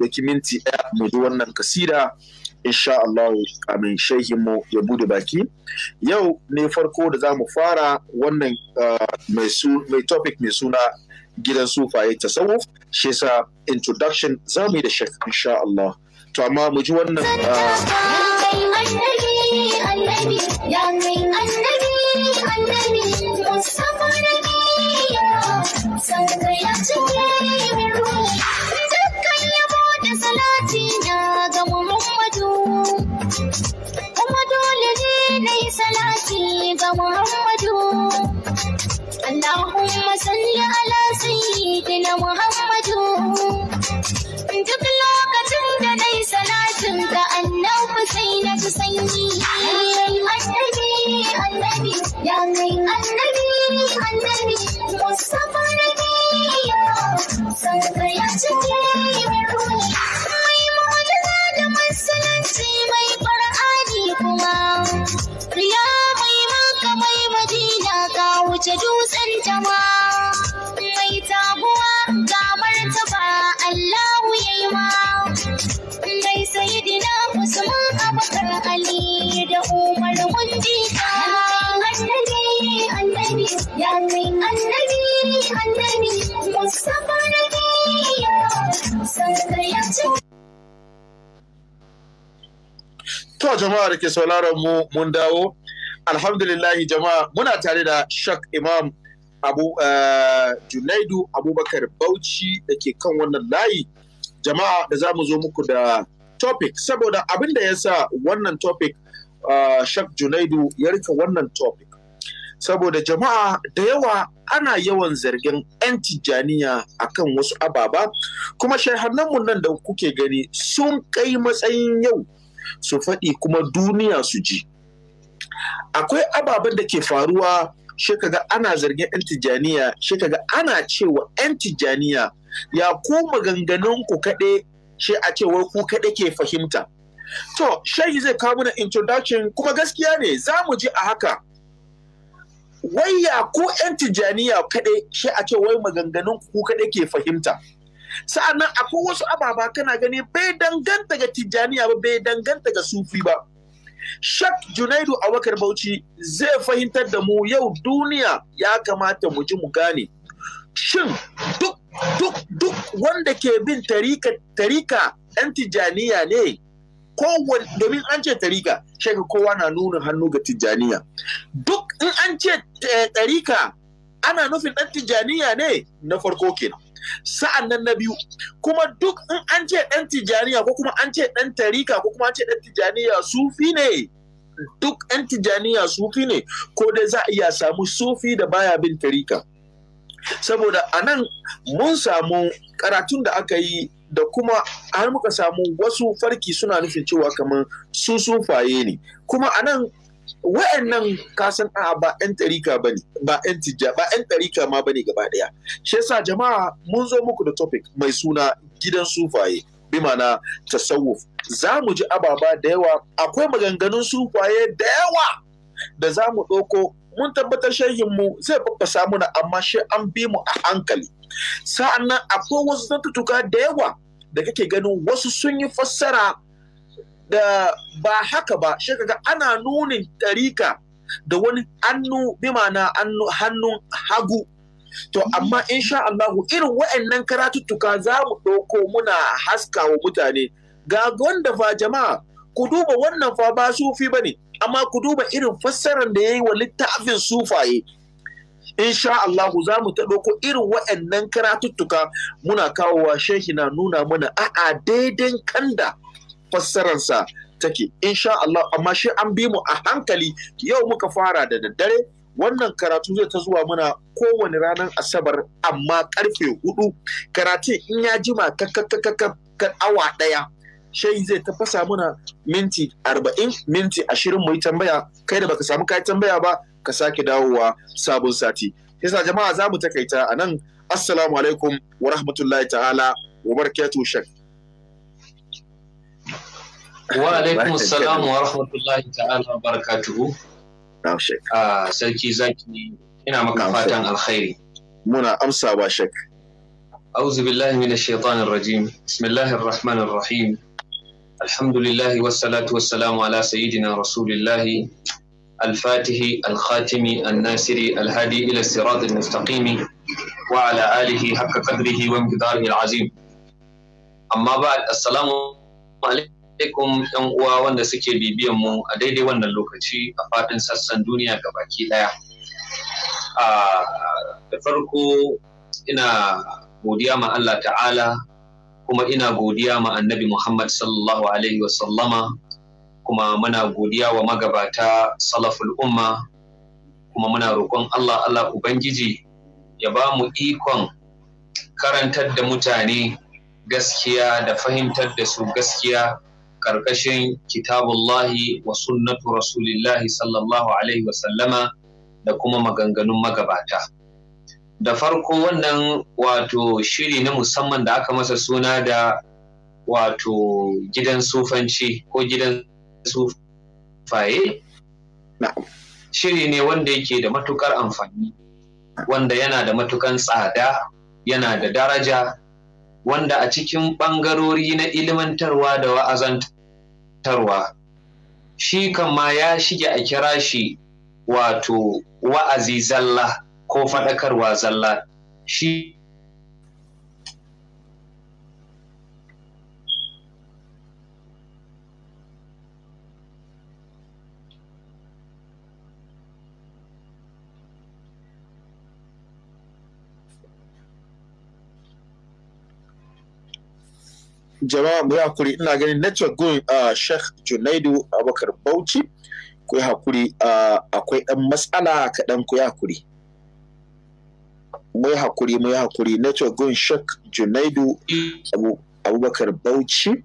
ɗauki minti ɗaya mu ji wannan kasida insha Allah amin mu ya bude baki yau ne farko da za mu fara wannan mai topic mai suna gidan sufaye tasawuf shi sa introduction za mu yi da shek insha Allah to amma mu ji wannan salati ga Muhammadu. Allahumma salli ala sayyidina Muhammadu. Duk lokacin da dai salatin ga annabi sai na ji sanyi. Annabi, annabi, ya kai annabi, annabi, Mustafa nabi, sarka ya cike take dutsen jama mai tabuwa gabar ta ba Allahu yayi ma mai sayidina Usman Abubakar Ali da Umar Gunji annabi annabi ya annabi annabi Mustafa nabi ya To jama'a da ke sauraron mu mun dawo alhamdulillahi jama'a muna tare da shak imam abu eh, junaidu abubakar bauchi da ke kan wannan layi jama'a da za mu zo muku da topic saboda abin da ya sa wannan topic eh, shak junaidu ya rika wannan topic saboda jama'a da yawa ana yawan zargin 'yan tijjaniya kan wasu ababa kuma shahararmu nan da kuke gani sun kai matsayin yau su faɗi kuma duniya su ji akwai ababen da ke faruwa shi kaga ana zargin 'yan tijjaniya shi kaga ana cewa 'yan tijjaniya ya ku maganganun ku shi a cewa ku kaɗe ke fahimta to shayi zai kawo mana introduction kuma gaskiya ne za mu ji a haka wai ya ku 'yan tijjaniya kaɗai shi a ce wai maganganun ku kaɗe ke fahimta sa'annan akwai wasu ababa kana gani bai danganta ga tijjaniya ba bai danganta ga sufi ba Shak Junaidu Abubakar Bauchi zai fahimtar da mu yau duniya ya kamata mu ji mu gane. Shin duk duk duk wanda ke bin tarika tarika ɗan tijaniya ne ko domin an ce tarika shi kowa na nuna hannu ga tijaniya duk in an ce eh, tarika ana nufin ɗan tijaniya ne na farko kenan sa'an nan na biyu kuma duk in an ce ɗan tijaniya ko kuma an ce ɗan tarika ko kuma an ce ɗan tijaniya sufi ne duk ɗan tijaniya sufi ne ko dai za a iya samu sufi da baya bin tarika saboda a nan mun samu karatun da aka yi da kuma har muka samu wasu farki suna nufin cewa kamar su sufaye ne kuma a nan wa'annan kasan a ba 'yan tarika ba ne ba 'yan tijja ba 'yan tarika ma ba ne gaba ɗaya shi yasa jama'a mun zo muku da topic mai suna gidan sufaye bi ma'ana tasawuf za mu ji ababa da yawa akwai maganganun sufaye da yawa da za mu ɗauko mun tabbatar mu zai babbasa muna amma shi an bi mu a hankali sa'annan akwai wasu zantutuka da yawa da kake ganin wasu sun yi fassara da ba haka ba shi kaga ana nunin ɗarika da wani hannu bima na hannun hagu to amma insha Allah irin wa'annan karatuttuka za mu ɗauko muna haska wa mutane ga wanda fa jama'a ku duba wannan fa ba sufi ba ne amma ku duba irin fassarar da ya yi wa littafin sufaye insha Allah za mu ta ɗauko irin wa'annan karatuttuka muna kawowa shehi na nuna mana a'a daidai kanda fassararsa take insha Allah amma shi an bi mu a hankali yau muka fara da daddare wannan karatu zai ta zuwa muna kowane ranar asabar amma karfe hudu Karatu in ya jima kakakakakar awa daya shai zai tafasa muna minti arba'in minti ashirin mu yi tambaya kai da baka samu kai tambaya ba ka sake dawowa sabon sati yasa jama'a za mu takaita a nan assalamu alaikum wa rahmatullahi ta'ala wa barakatuhu shak alaikum salam wa rahmatullahi ta'ala wa barakatuhu ah, sarki zaki ina maka fatan alkhairi muna amsa ba shek auzu billahi minash shaitani rajim bismillahir rahmanir rahim alhamdulillahi wassalatu wassalamu ala sayyidina rasulillah alfatihi الخاتم الناصر alhadi الى الصراط المستقيم وعلى اله حق قدره ومقداره العظيم اما بعد السلام عليكم alaikum ɗan uwa wanda suke bibiyan mu a daidai wannan lokaci a faɗin sassan duniya ga baki ɗaya. Da farko ina godiya ma Allah ta'ala kuma ina godiya ma annabi Muhammad sallallahu Alaihi wasallama kuma muna godiya wa magabata salaful umma kuma muna roƙon Allah Allah Ubangiji ya ba mu ikon karantar da mutane gaskiya da fahimtar da su gaskiya karkashin kitabullahi wa sunnatu rasulillahi sallallahu alaihi wasallama da kuma maganganun magabata da farko wannan wato shiri na musamman da aka masa suna da wato gidan sufanci ko gidan sufaye shiri ne wanda yake da matukar amfani wanda yana da matukan tsada yana da daraja wanda a cikin ɓangarori na ilimantarwa da wa'azantarwa shi kan ma ya shige a kira shi wato wa'azi zalla ko faɗakarwa zalla shi jama'a mu hakuri ina ganin network gun uh, Sheikh Junaidu Abubakar Bauchi ku yi hakuri ah, akwai ɗan matsala kaɗan ku yi hakuri mu yi hakuri mu yi hakuri network gun Sheikh Junaidu Abubakar Bauchi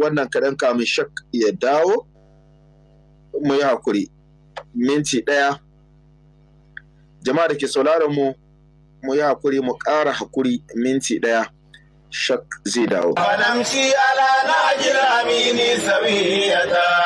wannan kaɗan kamin shak ya dawo mu yi hakuri minti ɗaya jama'a da ke sauraron mu mu yi hakuri mu ƙara hakuri minti ɗaya shak zai dawo falamshi ala na sabiyata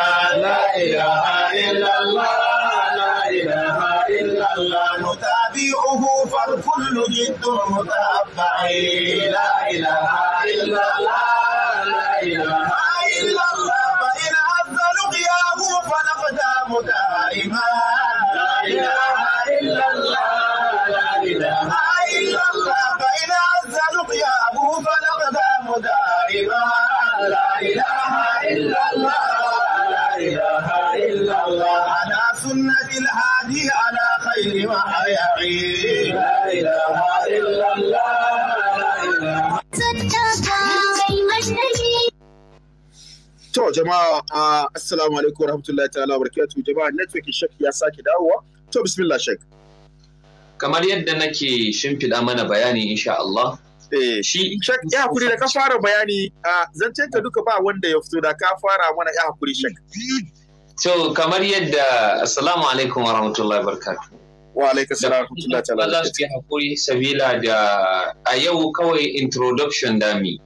لا إله إلا الله لا إله إلا الله فإن عز لقياه فنقدا مدائما لا إله إلا الله لا إله إلا الله على سنة الهادي على خير ما لا إله إلا الله To jama'a assalamu alaikum warahmatullahi ta'ala barakatuh jama'a network shek ya sake dawowa to bismillah shek kamar yadda nake shimfiɗa mana bayani insha Allah eh, shi shek ya hakuri da ka fara bayani zan ka duka ba wanda ya fito da ka fara mana ya hakuri shek to kamar yadda assalamu alaikum warahmatullahi barakatuh wa alaika salam rahmatullahi ta'ala za su yi hakuri sabila da a yau kawai introduction dami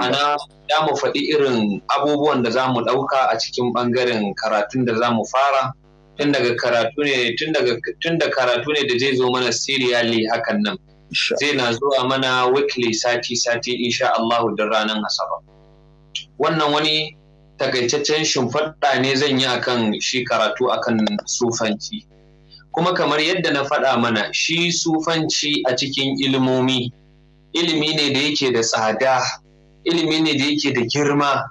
Ana za mu faɗi irin abubuwan da za mu ɗauka a cikin ɓangaren karatun da za mu fara tun daga karatu ne da karatu ne da zai zo mana siriyali hakan nan. Zai na zuwa mana weekly sati sati insha Allah da ranar Asaba. Wannan wani takaitaccen shimfaɗa ne zan yi akan shi karatu akan sufanci. Kuma kamar yadda na faɗa mana shi sufanci a cikin ilimomi ilimi ne da yake da tsada ilimi ne da yake da girma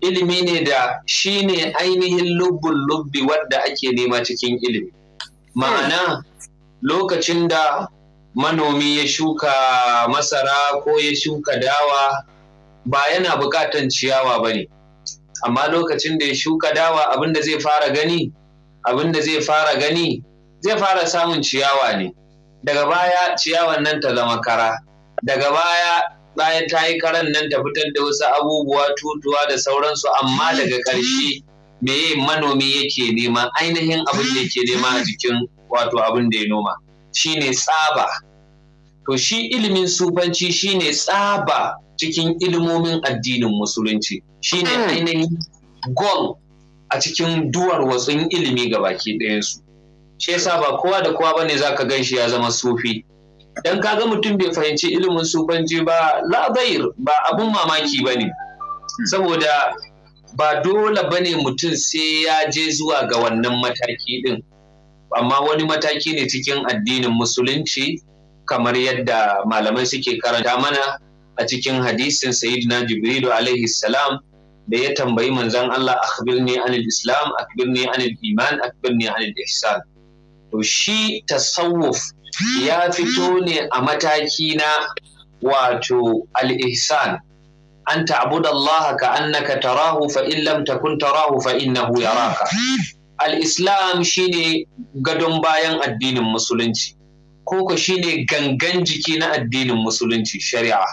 ilimi ne da shi ne ainihin lubbun lubbi wadda ake nema cikin ilimi ma'ana lokacin da manomi ya shuka masara ko ya shuka dawa ba yana bukatan ciyawa ba ne amma lokacin da ya shuka dawa abinda zai fara gani abinda zai fara gani zai fara samun ciyawa ne daga baya ciyawan nan ta zama kara daga baya bayan ta yi karan nan ta fitar da wasu abubuwa tutuwa da sauransu amma daga ƙarshe me manomi yake nema ainihin abin da yake nema a jikin wato abin da ya noma shine tsaba to shi ilimin sufanci shine tsaba cikin ilimomin addinin musulunci shine hmm. ainihin gol a cikin duwar wasu ilimi ga baki ɗayansu shi yasa ba kowa da kowa bane zaka gan shi ya zama sufi dan kaga mutum bai fahimci ilimin sufanci ba labair ba abun mamaki ba ne saboda ba dole ba ne mutum sai ya je zuwa ga wannan mataki din amma wani mataki ne cikin addinin musulunci kamar yadda malamai suke karanta mana a cikin hadisin sayyidina jibrilu alaihi salam da ya tambayi manzon Allah akbirni anil islam akbirni anil iman akbirni anil ihsan to shi tasawuf ya fito ne a mataki na wato al-ihsan an ta'budallaha ka annaka tarahu fa in lam takun tarahu fa innahu yaraka al-islam ne gadon bayan addinin musulunci koko ne gangan jiki na addinin musulunci shari'a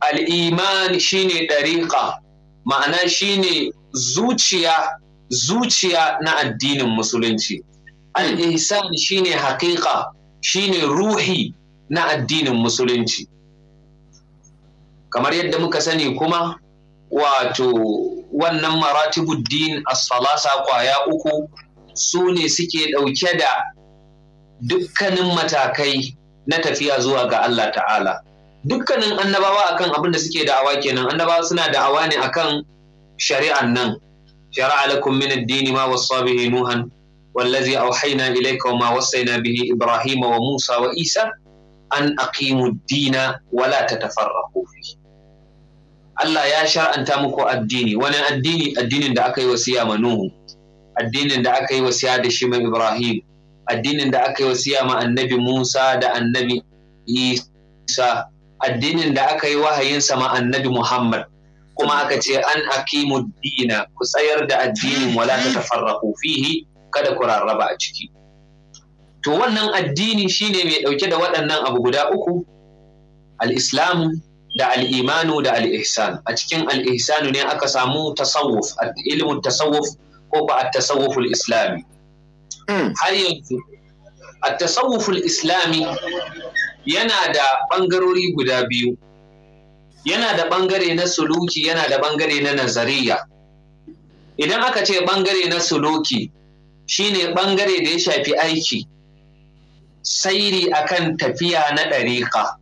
al-iman ne ɗariƙa ma'ana shine zuciya zuciya na addinin musulunci al shi ne haƙiƙa shi ne ruhi na addinin musulunci kamar yadda muka sani kuma wato wannan maratibuddin as-salasa kwaya uku su ne suke ɗauke da dukkanin matakai na tafiya zuwa ga Allah ta'ala dukkanin annabawa akan abin da suke da'awa kenan annabawa suna da awa ne akan shari'an nan shari'a lakum min dini ma wasu bihi nuhan والذي أوحينا إليك وما وصينا به إبراهيم وموسى وإيسى أن أقيموا الدين ولا تتفرقوا فيه Allah ya shar'anta muku addini wani addini addinin da aka yi wasiya ma Nuhu addinin da aka yi wasiya da shi Ibrahim addinin da aka yi wasiya ma annabi Musa da annabi Isa addinin da aka yi wahayinsa ma annabi Muhammad kuma aka ce an aqimu ku tsayar da addinin wala ta fihi kada ku rarraba a ciki to wannan addini shine mai ɗauke da waɗannan abu guda uku al-islamu da al'imanu da al'ihsan a cikin al'ihsanu ne aka samu tasawuf ilimin tasawuf ko ba a tasawuful islami hmm. har yanzu a tasawuful islami yana da ɓangarori guda biyu yana da ɓangare na suluki yana da ɓangare na nazariya idan aka ce ɓangare na suluki shine bangare da ya shafi aiki sairi akan tafiya na ɗariƙa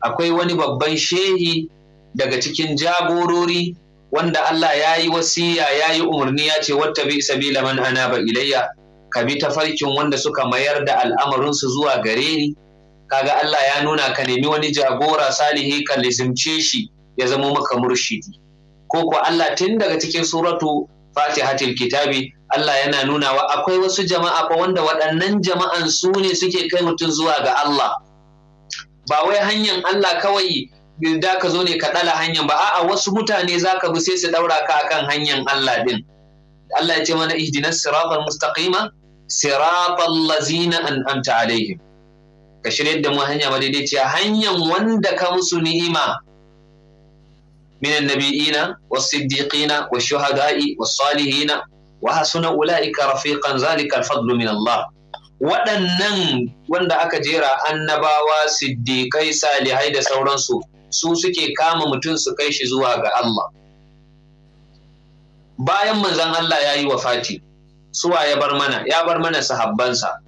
akwai wani babban shehi daga cikin jagorori wanda Allah ya yi wasiya ya yi umarni ya ce wata bi sabila man ba ilayya ka bi tafarkin wanda suka mayar da al'amarinsu zuwa gare ni kaga Allah ya nuna ka nemi wani jagora salihi ka lizimce shi ya zama maka murshidi ko ko Allah tun daga cikin suratu fatihatil kitabi Allah yana nuna wa akwai wasu jama'a fa wanda waɗannan jama'an su ne suke kai mutum zuwa ga Allah ba wai hanyar Allah kawai da ka zo ne ka ɗala hanyar ba a'a wasu mutane za ka bi sai su ɗaura ka akan hanyar Allah din Allah ya ce mana ihdinas siratal mustaqima siratal lazina an'amta alaihim ka shirya da mu hanya ce hanyar wanda ka musu ni'ima minan nabi'ina, من النبيين والصديقين والشهداء salihina. wa hasuna ula'ika rafiqan zalika al-fadlu min Allah waɗannan wanda aka jera annabawa siddiƙai salihai da sauransu su suke kama mutum su kai shi zuwa ga Allah bayan manzon Allah ya yi wafati suwa ya bar mana ya bar mana sahabbansa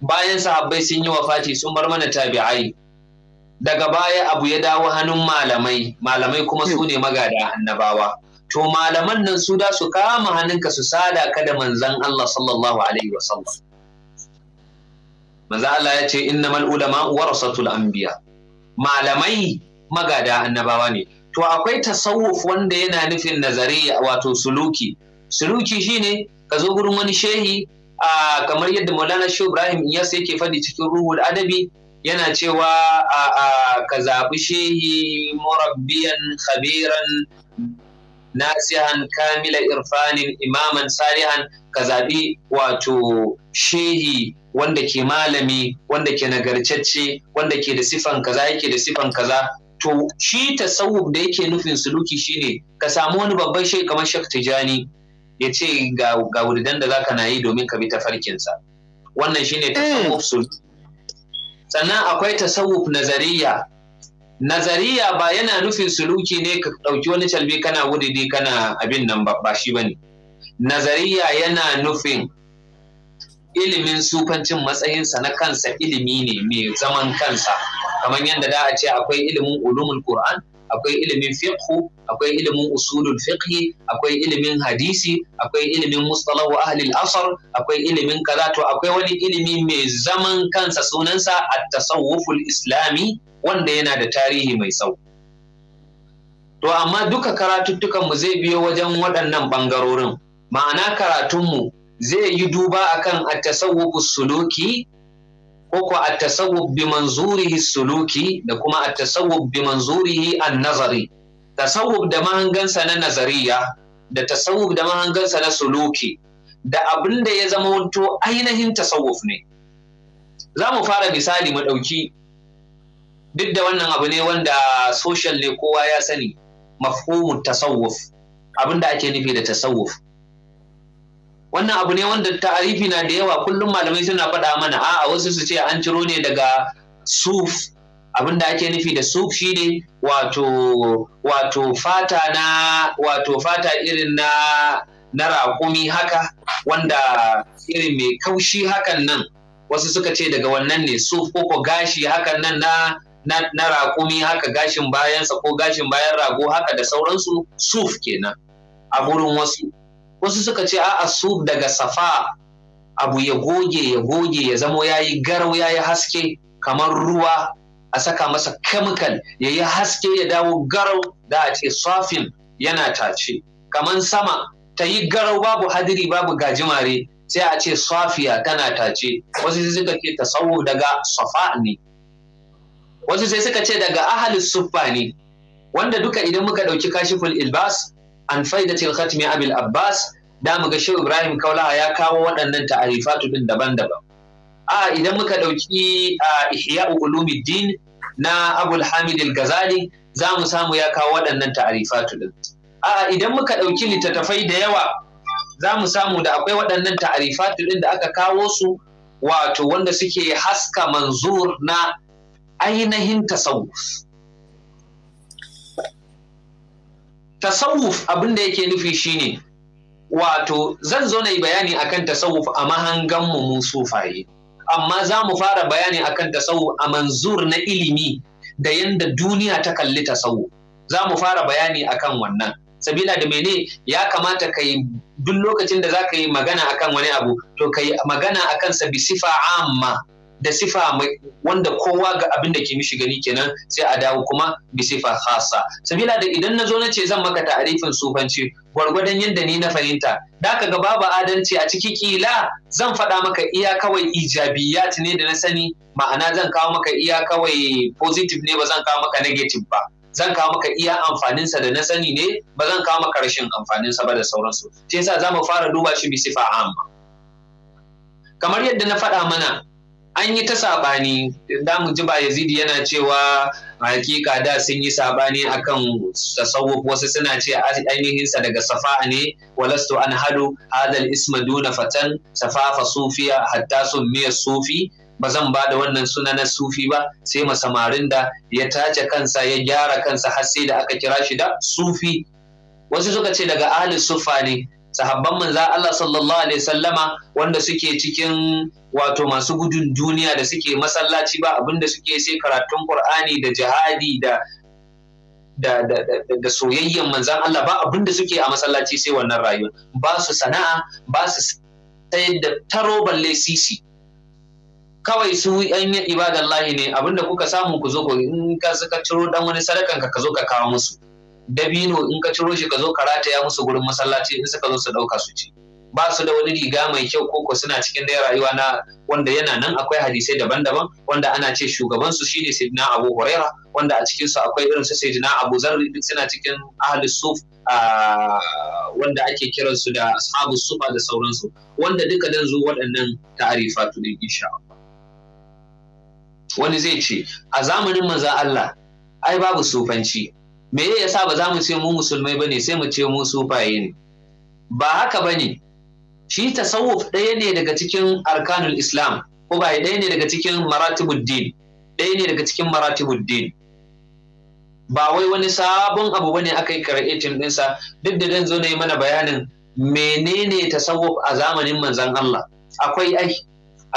bayan sahabbai sun yi wafati sun bar mana tabi'ai daga baya abu ya dawo hannun malamai malamai kuma su ne magada annabawa to malaman nan su da su kama hannunka su sada ka da manzan Allah sallallahu alaihi sallam. Manzan Allah ya ce innamal ulama warasatul anbiya malamai magada annabawa ne to akwai tasawuf wanda yana nufin nazari wato suluki suluki shine ka zo gurin wani shehi a kamar yadda Maulana Shehu Ibrahim Iyas yake faɗi cikin ruhul adabi yana cewa a ka zaɓi shehi murabbiyan khabiran nasihan kamila irfanin imaman salihan ka zaɓi wato shehi wanda ke malami wanda ke nagarcacce wanda ke da sifan kaza yake da sifan kaza to shi tasawuf da yake nufin suluki shine ka samu wani babban shehi kamar shek Tijani ya ce ga wuridan da zaka na yi domin ka bi ta tafarkinsa wannan shine eh. tasawuf suluki sannan akwai tasawuf nazariya nazariya ba yana nufin suluki ne ka ɗauki wani calbi kana wudidi kana abin nan ba shi ba ne nazariya yana nufin ilimin sufancin matsayinsa na kansa ilimi ne mai zaman kansa kamar yadda da a ce akwai ilimin ulumul qur'an akwai ilimin fiqhu akwai ilimin usulul fiqhi akwai ilimin hadisi akwai ilimin mustalahu ahli al-asr akwai ilimin kaza akwai wani ilimi mai zaman kansa sunansa at-tasawwuful islami wanda yana da tarihi mai tsawo to amma duka karatuttukanmu zai biyo wajen waɗannan ɓangarorin ma'ana karatunmu zai yi duba akan at-tasawwuf suluki ko ko at-tasawwuf bi manzurihi suluki da kuma a tasawwuf bi manzurihi an-nazari tasawwuf da mahangansa na nazariya da tasawwuf da mahangansa na suluki da abin da ya zama wanto ainihin tasawwuf ne za mu fara misali mu ɗauki duk da wannan abu ne wanda social ne kowa ya sani mafhumun tasawuf abin da ake nufi da tasawuf wannan abu ne wanda ta'arifi na da yawa kullum malamai suna faɗa mana a'a wasu su ce an ciro ne daga suf abin da ake nufi da suf shine wato wato fata na wato fata irin na na raƙumi haka wanda irin mai kaushi hakan nan wasu suka ce daga wannan ne suf ko gashi hakan nan na na, na raƙumi haka gashin bayansa ko gashin bayan rago haka da sauransu suf kenan a gurin wasu wasu suka ce a'a suf daga safa abu ya goge ya goge ya zamo ya yi garau ya yi haske kamar ruwa a saka masa kemikal ya yi haske ya dawo garau da a ce safin yana tace kaman sama ta yi garau babu hadiri babu gajimare sai a ce safiya tana tace wasu suka ce tsawo daga safa ne wasu sai suka ce daga ahalis suffa ne wanda duka idan muka ɗauki kashiful ilbas an faidatil khatmi abil abbas da mu shi ibrahim kaulaha ya kawo waɗannan ta'arifatu din daban-daban a idan muka ɗauki ihya ulumuddin na abul hamid al-ghazali za mu samu ya kawo waɗannan ta'arifatu din a idan muka ɗauki littattafai da yawa za mu samu da akwai waɗannan ta'arifatu din da aka kawo su wato wanda suke haska manzur na ainihin tasawuf tasawuf abin da yake nufi shine wato zan zo na yi bayani akan tasawuf a mahanganmu mu sufaye amma za mu fara bayani akan tasawuf a manzur na ilimi da yadda duniya ta kalli tasawuf za mu fara bayani akan wannan sabila da mene ya kamata ka yi duk lokacin da za ka yi magana akan wani abu to ka yi magana akan sa bi sifa amma da sifa mai wanda kowa ga abin da ke mishi gani kenan sai a dawo kuma bi sifa khasa sabila da idan na zo na ce zan maka ta'arifin sufanci gwargwadon yadda ni na fahimta da ka ga babu adalci a ciki kila zan faɗa maka iya kawai ijabiyat ne da na sani ma'ana zan kawo maka iya kawai positive ne ba zan kawo maka negative ba zan kawo maka iya amfaninsa da na sani ne ba zan kawo maka rashin amfaninsa ba da sauransu shi yasa za mu fara duba shi bi sifa amma kamar yadda na faɗa mana an yi ta saɓani da mu ji ba yazidi yana cewa hakika da sun yi saɓani akan tasawuf wasu suna ce ainihin sa daga safa'a ne walastu an hadu hadal isma duna fatan safafa sufiya hatta sun miya sufi ba zan ba da wannan suna na sufi ba sai masamarin da ya tace kansa ya gyara kansa har sai da aka kira shi da sufi wasu suka ce daga ahli sufa ne sahabban manza Allah sallallahu alaihi sallama wanda suke cikin wato masu gudun duniya da suke masallaci ba abinda suke sai karatun Qur'ani da jihadi da da, da, da, soyayyen manzan Allah ba abinda suke a masallaci sai wannan rayuwa ba su sana'a ba su sayar da taro balle sisi kawai su yan ibadan lahi ne abinda kuka samu ku zo ku in ka suka ciro dan wani sadakan ka ka zo ka kawo musu dabino in ka ciro shi ka zo ka rataya musu gurin masallaci in suka zo su ɗauka su ci ba su da wani riga mai kyau koko suna cikin dai rayuwa na wanda yana nan akwai hadisai daban-daban wanda ana ce shugaban su shine sayyidina Abu Huraira wanda a cikin su akwai irin su sayyidina Abu Zarri duk suna cikin ahli suf wanda ake kiran su da ashabu sufa da sauransu wanda duka dan zo waɗannan ta'arifatu ne insha Allah wani zai ce a zamanin manzo Allah ai babu sufanci me ya sa ba za mu ce mu musulmai ba ne sai mu ce mu sufaye ne ba haka ba ne. shi tasawuf ɗaya ne daga cikin arkanul islam ko ba ɗaya ne daga cikin maratibuddin ɗaya ne daga cikin maratibuddin ba wai wani sabon abu ba ne aka yi karatin ɗinsa duk da zan zo na yi mana bayanin menene tasawuf a zamanin manzan Allah akwai ai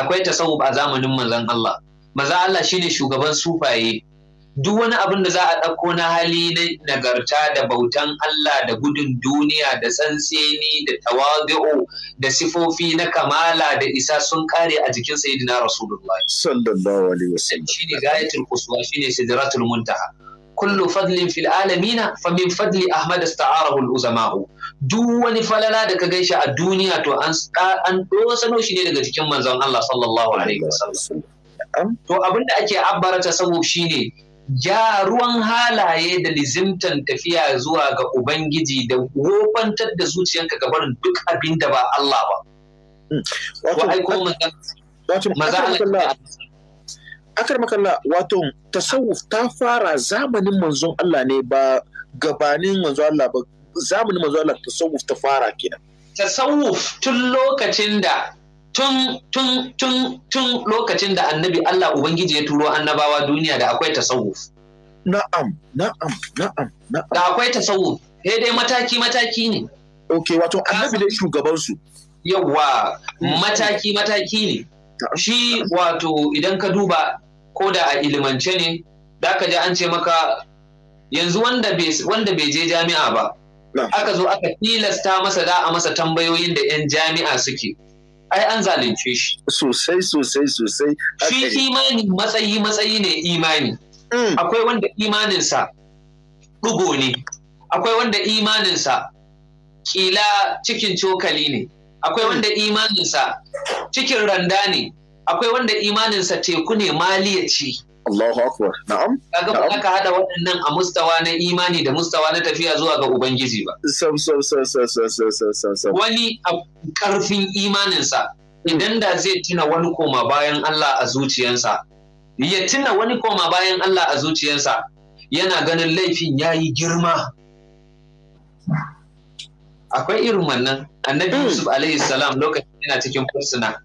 akwai tasawuf a zamanin manzan Allah maza Allah shine shugaban sufaye duk wani abin da za a ɗauko na hali na nagarta da bautan Allah da gudun duniya da tsantseni da tawadu'u da sifofi na kamala da isa sun kare a jikin sayyidina rasulullahi sallallahu alaihi wasallam shine gayatul quswa shine sidratul muntaha kullu fadlin fil alamina fa min fadli ahmad ista'arahu al uzamahu duk wani falala da ka gaishe a duniya to an an dosano shi ne daga jikin manzon Allah sallallahu alaihi wasallam to abin ake abbarata sabo shine ja ruwan halaye da lizimtan tafiya zuwa ga Ubangiji da wofantar da zuciyanka ga barin duk abin da ba Allah ba. Akar makalla wato tasawuf ta fara zamanin manzon Allah ne ba gabanin manzon Allah ba zamanin manzon Allah tasawuf ta fara kenan. Tasawuf tun lokacin da tun tun tun tun lokacin da annabi Allah ubangiji ya turo annabawa duniya da akwai tasawuf na'am na'am na'am na'am da akwai tasawuf sai dai mataki mataki ne okay wato annabi dai shugaban su yawa mataki mataki ne shi wato idan ka duba ko da a ilimance ne da ka ji an ce maka yanzu wanda bai je jami'a ba aka zo aka tilasta masa da a masa tambayoyin da 'yan jami'a suke ai an zalunce shi sosai sosai sosai shi imani matsayi matsayi ne imani mm. akwai wanda imaninsa ɗugo ne akwai wanda imaninsa kila cikin cokali ne akwai mm. wanda imaninsa cikin randa ne akwai wanda imaninsa teku ne maliya ce Allahu akbar na'am kaga ba ka hada waɗannan a mustawa na imani da mustawa na tafiya zuwa ga ubangiji ba sam sam sam sam sam sam sam wani a karfin imaninsa idan da zai tuna wani koma bayan Allah a zuciyarsa ya tuna wani koma bayan Allah a zuciyarsa yana ganin laifin ya yi girma akwai irin wannan annabi hmm. yusuf alaihi salam lokacin yana cikin fursuna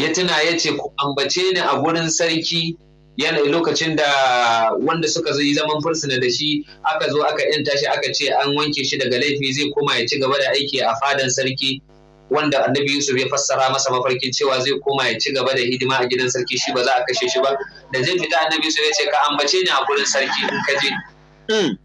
ya tuna ya ce ku ambace ni a gurin sarki yana lokacin da wanda suka yi zaman fursuna da shi aka zo aka yanta shi aka ce an wanke shi daga laifi zai koma ya ci gaba da aiki a fadan sarki wanda annabi yusuf ya fassara masa mafarkin cewa zai koma ya ci gaba da hidima a gidan sarki shi ba za a kashe shi ba da zai fita annabi yusuf ya ce ka ambace ni a gurin sarki in ka je hmm.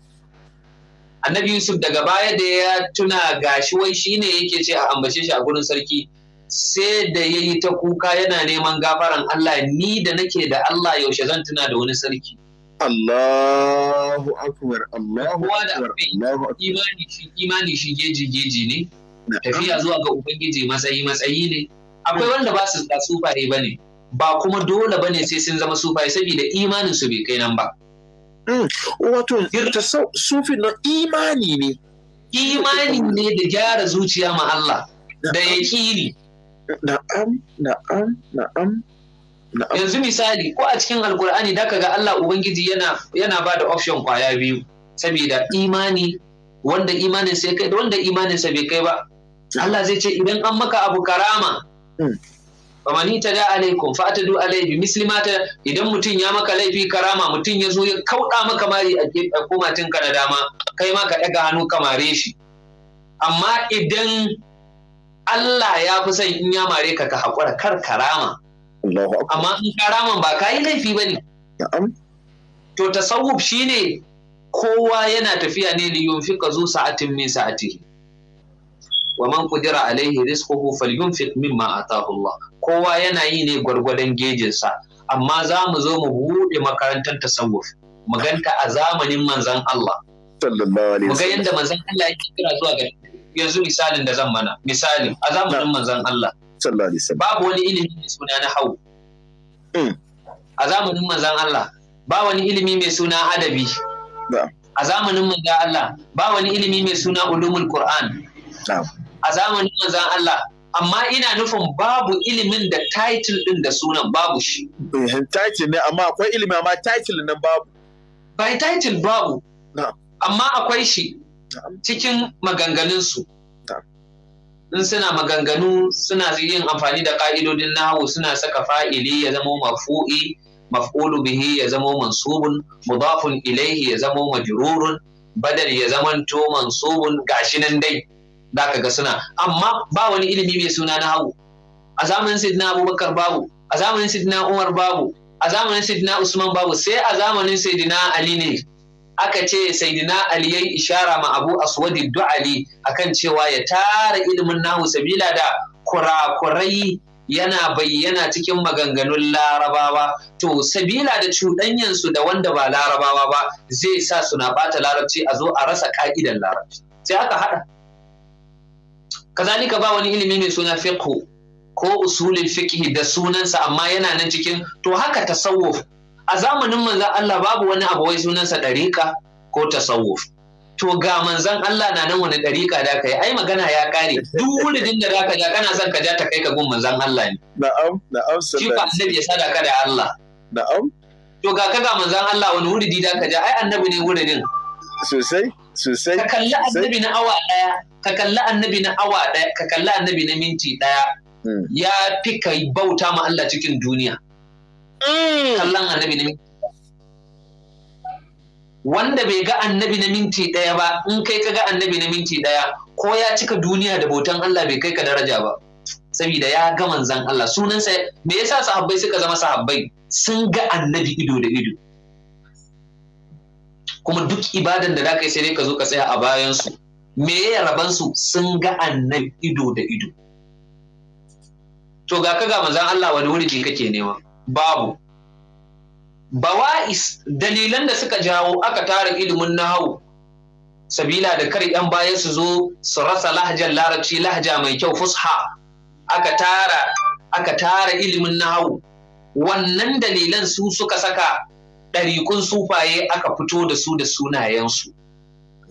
annabi yusuf daga baya da ya tuna gashi wai shine yake ce a ambace shi a gurin sarki sai da ya yi ta kuka yana neman gafaran Allah ni da nake da Allah yaushe zan tuna da wani sarki. Allahu akbar Allahu akbar Allahu imani shi imani shi geji geji ne tafiya zuwa ga ubangiji matsayi matsayi ne akwai wanda ba su da sufaye bane ba kuma dole bane sai sun zama sufaye saboda imanin su bai kai nan ba mm. wato ta sufi na imani ne imani ne da gyara zuciya ma Allah da yaqini na'am na'am na'am na'am yanzu misali ko a cikin alkur'ani da ka ga Allah ubangiji yana ba da option kwaya biyu saboda imani wanda imanin sai kai wanda imanin sa bai kai ba Allah zai ce idan an maka abu karama hmm. mani ta da alaikum fa ta du alaihi mislimata idan mutum ya maka laifi karama mutum ya zo ya kauɗa maka mari a komatin ka da dama kai ma ka ɗaga hannu kamare shi amma idan Allah ya fi son in ya mare ka ka haƙura kar karama. Amma in karaman ba ka yi laifi ba ne. To tasawuf shi ne kowa yana tafiya ne liyun fi ka zu sa'atin min sa'atihi. Wa man kudira alaihi rizquhu falyunfiq mimma atahu Allah. Kowa yana yi ne gwargwadon gejinsa. Amma za mu zo mu buɗe makarantar tasawuf. Mu ganta a zamanin manzon Allah. Mu ga yadda manzon Allah ya kira zuwa ga yanzu misalin da zan mana misali a zamanin manzon Allah babu wani ilimi mai suna na hau hmm. a zamanin manzon Allah ba wani ilimi mai suna adabi a zamanin manzon Allah ba wani ilimi mai suna ulumul Qur'an a zamanin manzon Allah amma ina nufin babu ilimin da title din da sunan babu shi eh, title ne amma akwai ilimi amma title nan babu Bai title babu amma akwai shi cikin maganganunsu in suna maganganu suna yin amfani da ka'idodin nahawu suna saka fa'ili ya zama mafu'i maf'ulu bihi ya zama mansubun mudafun ilaihi ya zama majrurun badal ya zama to mansubun gashi nan dai zaka ga suna amma ba wani ilimi mai suna nahawu a zamanin sidna abubakar babu a zamanin sidna umar babu a zamanin sidna usman babu sai a zamanin sidna ali ne aka ce saidina ali yayi ishara ma abu aswad du'ali akan cewa ya tara ilimin nahu sabila da kurakurai yana bayyana cikin maganganun larabawa to sabila da cuɗanyansu da wanda ba larabawa ba zai sa suna bata larabci a zo a rasa ka'idan larabci sai aka haɗa kazalika ba wani ilimi mai suna fiqhu ko usulin fiqhi da sunansa amma yana nan cikin to haka tasawuf a zamanin manzan Allah babu wani abu wai sunansa ɗariƙa ko tasawuf to ga manzan Allah na nan wani ɗariƙa da ka yi ai magana ya ƙare duk wuridin da ka ja kana son ka ja ta kai ka gun manzan Allah ne na'am na'am shi ba annabi ya sada ka da Allah na'am to ga ka ga manzan Allah wani wuridi da ka ja ai annabi ne wuridin sosai sosai ka kalli annabi na awa ɗaya ka kalli annabi na awa ɗaya ka kalli annabi na minti ɗaya hmm. ya fi ka bauta ma Allah cikin duniya Hmm. kallon annabi na wanda bai ga annabi na minti ɗaya ba in kai ka ga annabi na minti daya ko ya cika duniya da bautan Allah bai kai ka daraja ba saboda ya ga manzan Allah sunansa me yasa sahabbai suka zama sahabbai sun ga annabi ido da ido kuma duk ibadan da zaka yi sai dai ka zo ka tsaya a bayansu. su me ya raban su sun ga annabi ido da ido to ga ka ga manzan Allah wani wuri kake nema babu bawa'is dalilan da suka jawo aka tara ilimin nahawu sabila da kar yan baya su zo su rasa lahjar larabci lahja mai kyau fusha aka tara aka tara ilimin nahawu wannan dalilan su suka saka ɗarikun sufaye aka fito da su da sunayensu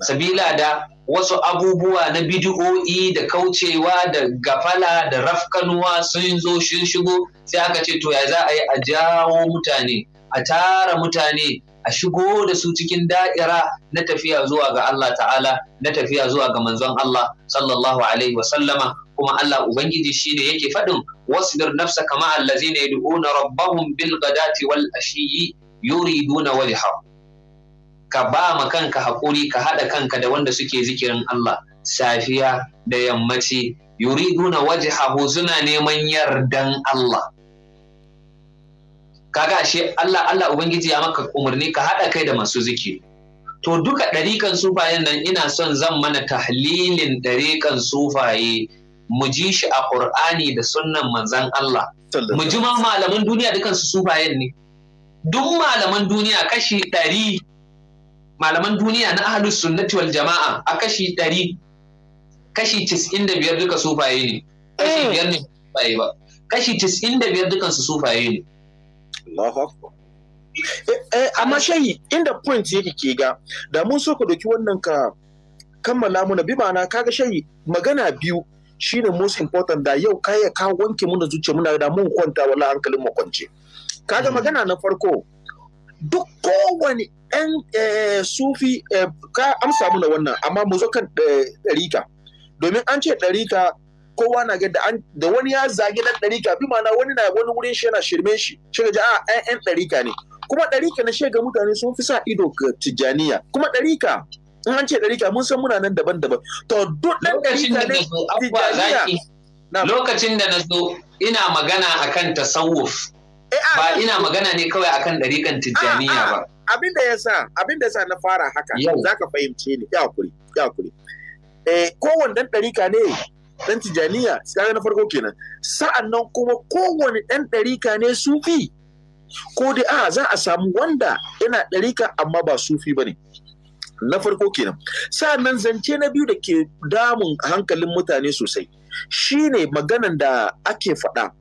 sabila da wasu abubuwa na bidiyo'i da kaucewa da gafala da rafkanuwa sun zo sun shigo sai aka ce to ya za a yi a jawo mutane a tara mutane a shigo da su cikin da'ira na tafiya zuwa ga Allah ta'ala na tafiya zuwa ga manzon Allah sallallahu alaihi wa sallama kuma Allah ubangiji shine yake faɗin wasbir nafsaka ma allazina yad'una rabbahum bil ghadati wal ashiyi yuriduna wajhahu ka ba ma kanka haƙuri ka haɗa kanka da wanda suke zikirin Allah safiya da yammaci yuriduna wajhahu suna neman yardan Allah kaga ashe Allah Allah ubangiji ya maka umarni ka haɗa kai da masu ziki. to duka ɗarikan sufayen nan ina son zan mana tahlilin ɗarikan sufaye mu ji shi a ƙur'ani da sunnan manzan Allah mu ji ma malaman duniya dukansu sufayen ne duk malaman duniya kashi ɗari malaman duniya na ahalus sunnati wal jama'a a kashi ɗari kashi casa'in da biyar duka sufaye ne kashi eh. biyar ne sufaye ba kashi casa'in da biyar dukansu sufaye ne eh, eh, amma shayi inda point yake ke ga da mun so ka doki wannan ka kammala muna bi ma'ana kaga shayi magana biyu shine most important da yau kaya ka wanke muna zuciya muna da mun kwanta wala hankalin mu kwance kaga mm. magana na farko duk kowane ɗan eh, sufi eh, ka amsa muna wannan amma mu zo kan eh, ɗarika domin an ce ɗarika kowa na ga da wani ya zagi ɗan ɗarika bi ma'ana wani na wani wurin shi yana shirme shi shi ga a ah, ɗan ɗarika ne kuma ɗarika na ga mutane sun fi sa ido ga tijjaniya kuma ɗarika in an ce ɗarika mun san muna nan daban-daban to duk ɗan ɗarika ne tijjaniya lokacin da na zo ina magana akan tasawuf Eh, ba ina magana ne kawai akan ɗarikan tijjaniya ba abin da sa, abin da sa na fara haka za ka fahimce ni ya kuri ya kuri eh kowanne dan ɗarika ne dan tijjaniya kaga na farko kenan sa'an nan kuma kowanne dan ɗarika ne sufi ko dai a za a samu wanda yana ɗarika amma ba sufi ba ne na farko kenan nan zance na biyu da ke damun hankalin mutane sosai shi ne maganan da ake faɗa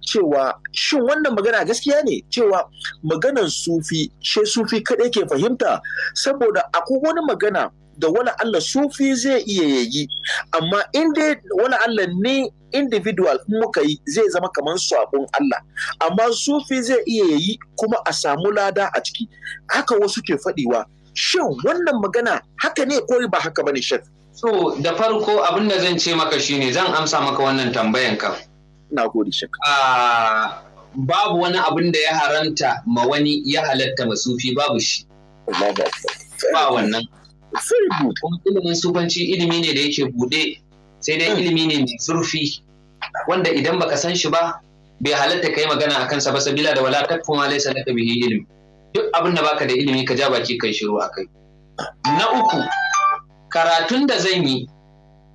cewa shin wannan magana gaskiya ne cewa maganan sufi she sufi kaɗai ke fahimta saboda akwai wani magana da wani Allah sufi zai iya yayi amma inda wani Allah ne individual muka yi zai zama kamar sabon Allah amma sufi zai iya yayi kuma a samu lada a ciki haka wasu ke faɗiwa shin wannan magana haka ne ko ba haka bane shef so da farko abin da zan ce maka shine zan amsa maka wannan tambayan ka na gode ah, babu wani abin da ya haranta ma wani ya halatta masufi babu shi ba wannan kuma ilimin sufanci ilimi ne da yake bude sai dai hmm. ilimi ne mai zurfi wanda idan baka san shi ba bai halatta kai magana a kansa ba sabila da wala takfu ma laysa laka bihi ilimi. duk abin da baka da ilimi ka ja baki kan shiru akai na uku karatun da zan yi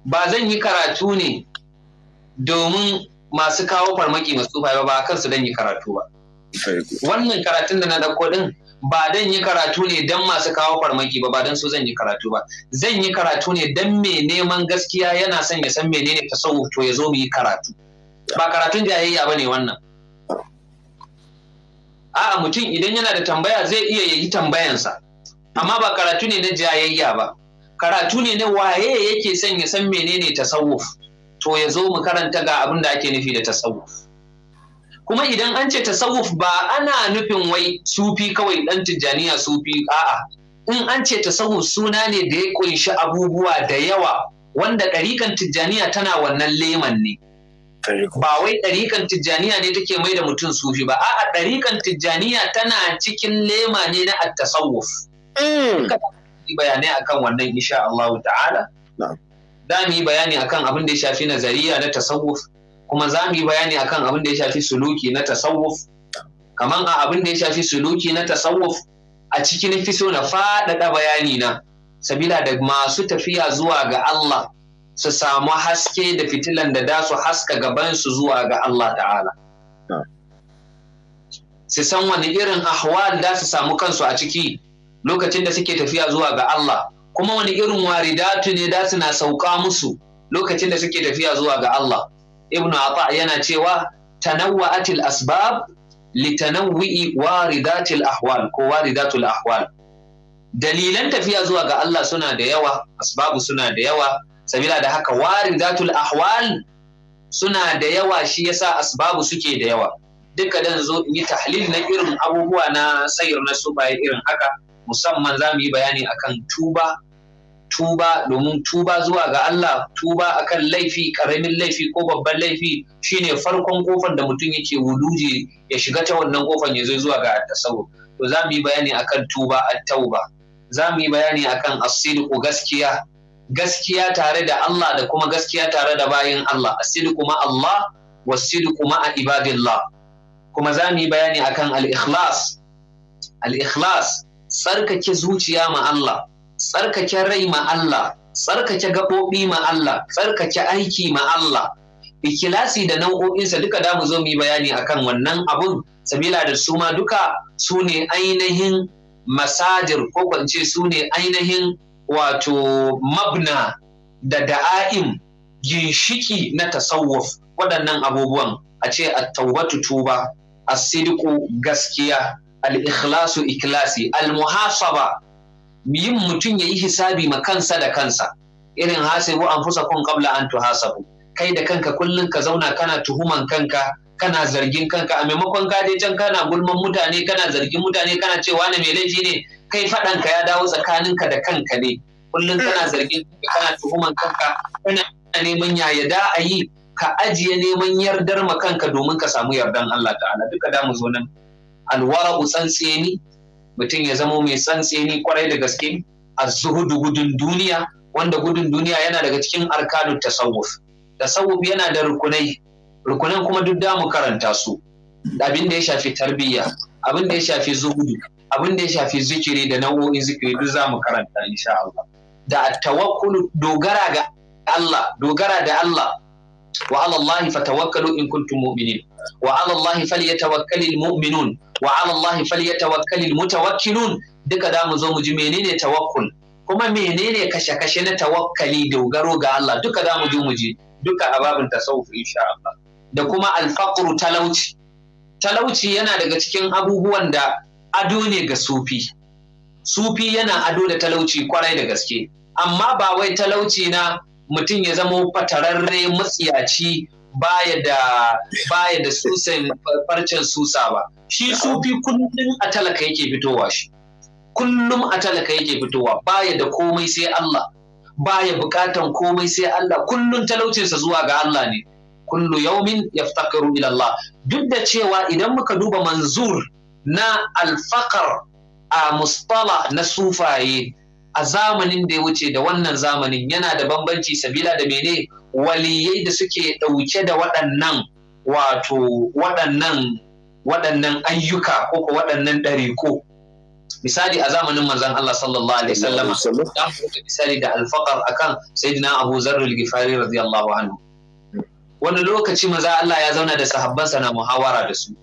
ba zan yi karatu ne domin masu kawo farmaki masu tsufa ba kansu dan yi karatu ba wannan karatun da na ɗauko ɗin ba dan yi karatu ne dan masu kawo farmaki ba ba dan so zan yi karatu ba zan yi karatu ne dan mai neman gaskiya yana son ya san menene tasawuf to ya zo mu yi karatu ba karatun jayayya ba ne wannan a'a mutum idan yana da tambaya zai iya yi tambayansa amma ba karatu ne na jayayya ba karatu ne na waye yake son ya san menene tasawuf to ya zo mu karanta ga abin da ake nufi da tasawuf kuma idan an ce tasawuf ba ana nufin wai sufi kawai dan tijjaniya sufi a'a in an ce tasawuf suna ne da ya kunshi abubuwa da yawa wanda ɗarikan tijjaniya tana wannan leman ne ba wai ɗarikan tijjaniya ne take mai da mutum sufi ba a'a ɗarikan tijjaniya tana cikin lema ne na at-tasawuf hmm. bayanai akan wannan insha Allah ta'ala za mu yi bayani akan abin da ya shafi nazariya na tasawuf kuma za mu yi bayani akan abin da ya shafi suluki na tasawuf kamar a abin da ya shafi suluki na tasawuf a ciki na na faɗaɗa bayani na sabila da masu tafiya zuwa ga Allah su samu haske da fitilan da da su haska gaban su zuwa ga Allah ta'ala su san wani irin ahwal da su samu kansu a ciki lokacin da suke tafiya zuwa ga Allah kuma wani irin waridatu ne da suna sauka musu lokacin da suke tafiya zuwa ga Allah Ibn Atta yana cewa tanawwa'atil asbab litanawwi'i waridatil ahwal ko waridatul ahwal dalilan tafiya zuwa ga Allah suna da yawa asbabu suna da yawa sabila da haka waridatul ahwal suna da yawa shi yasa asbabu suke da yawa duka dan zo in yi tahlil na irin abubuwa na sayar na subaye irin haka musamman za mu yi bayani akan tuba tuba domin tuba zuwa ga Allah tuba akan laifi karamin laifi ko babban laifi shine farkon kofar da mutum yake wuluji ya shiga ta wannan kofar ya zo zuwa ga tasawuf to za mu yi bayani akan tuba at-tauba za mu yi bayani akan as gaskiya gaskiya tare da Allah da kuma gaskiya tare da bayin Allah as Allah wa sidqu a ibadillah kuma za mu yi bayani akan al-ikhlas al-ikhlas tsarkake zuciya ma Allah tsarkake rai ma Allah tsarkake gaɓoɓi ma Allah tsarkake aiki ma Allah ikilasi da nau'o'insa duka da mu zo mu yi bayani akan wannan abun sabila da su ma duka su ne ainihin masajir ko kwance su ne ainihin wato mabna da da'a'im ginshiki na tasawuf waɗannan abubuwan a ce a tawbatu tuba a gaskiya al-ikhlasu ikhlasi al-muhasaba yin mutum ya yi hisabi ma kansa da kansa irin an fusa kun kabla an tuhasabu kai da kanka kullum ka zauna kana tuhuman kanka kana zargin kanka a maimakon ka can kana gulman mutane kana zargin mutane kana cewa na mai laifi ne kai faɗanka ya dawo tsakaninka da kanka ne kullum kana zargin kanka kana tuhuman kanka kana neman yaya da a yi ka ajiye neman yardar ma kanka domin ka samu yardan Allah ta'ala duka da mu zo nan alwara'u tsantseni mutum ya zamo mai tsantseni kwarai da gaske a zuhudu gudun duniya wanda gudun duniya yana daga cikin arkanu tasawuf tasawuf yana da rukunai rukunan kuma duk da mu karanta su abin da ya shafi tarbiyya abin da ya shafi zuhudu abin da ya shafi zikiri da nau'o'in zikiri duk za mu karanta insha Allah da tawakkulu dogara ga Allah dogara da Allah wa ala Allah fatawakkalu in kuntum mu'minin wa ala Allah falyatawakkalul mu'minun wa ala Allah falyatawakkalul mutawakkilun duka za mu zo mu ji menene tawakkul kuma menene kashe-kashe na tawakkali dogaro ga Allah duka za mu ji mu ji duka a babin tasawuf insha Allah da kuma alfaqru talauci talauci yana daga cikin abubuwan da ado ne ga sufi sufi yana ado da talauci kwarai da gaske amma ba wai talauci na mutum ya zama fatararre matsiyaci baya da baya da susan farcen susa ba shi sufi kullum a talaka yake fitowa shi kullum a talaka yake fitowa baya da komai sai Allah baya bukatan komai sai Allah kullum talaucinsa zuwa ga Allah ne kullu yaumin yaftakaru ila Allah duk da cewa idan muka duba manzur na alfakar a mustala na sufaye a zamanin da ya wuce da wannan zamanin yana da bambanci sabila da mene waliyai da suke ɗauke da waɗannan wato waɗannan waɗannan ayyuka ko ko waɗannan ɗariko misali a zamanin manzon Allah sallallahu alaihi wasallam da misali da alfaqar akan sayyidina Abu Zarr al-Ghifari radiyallahu anhu wani lokaci maza Allah ya zauna da sahabbansa na muhawara da su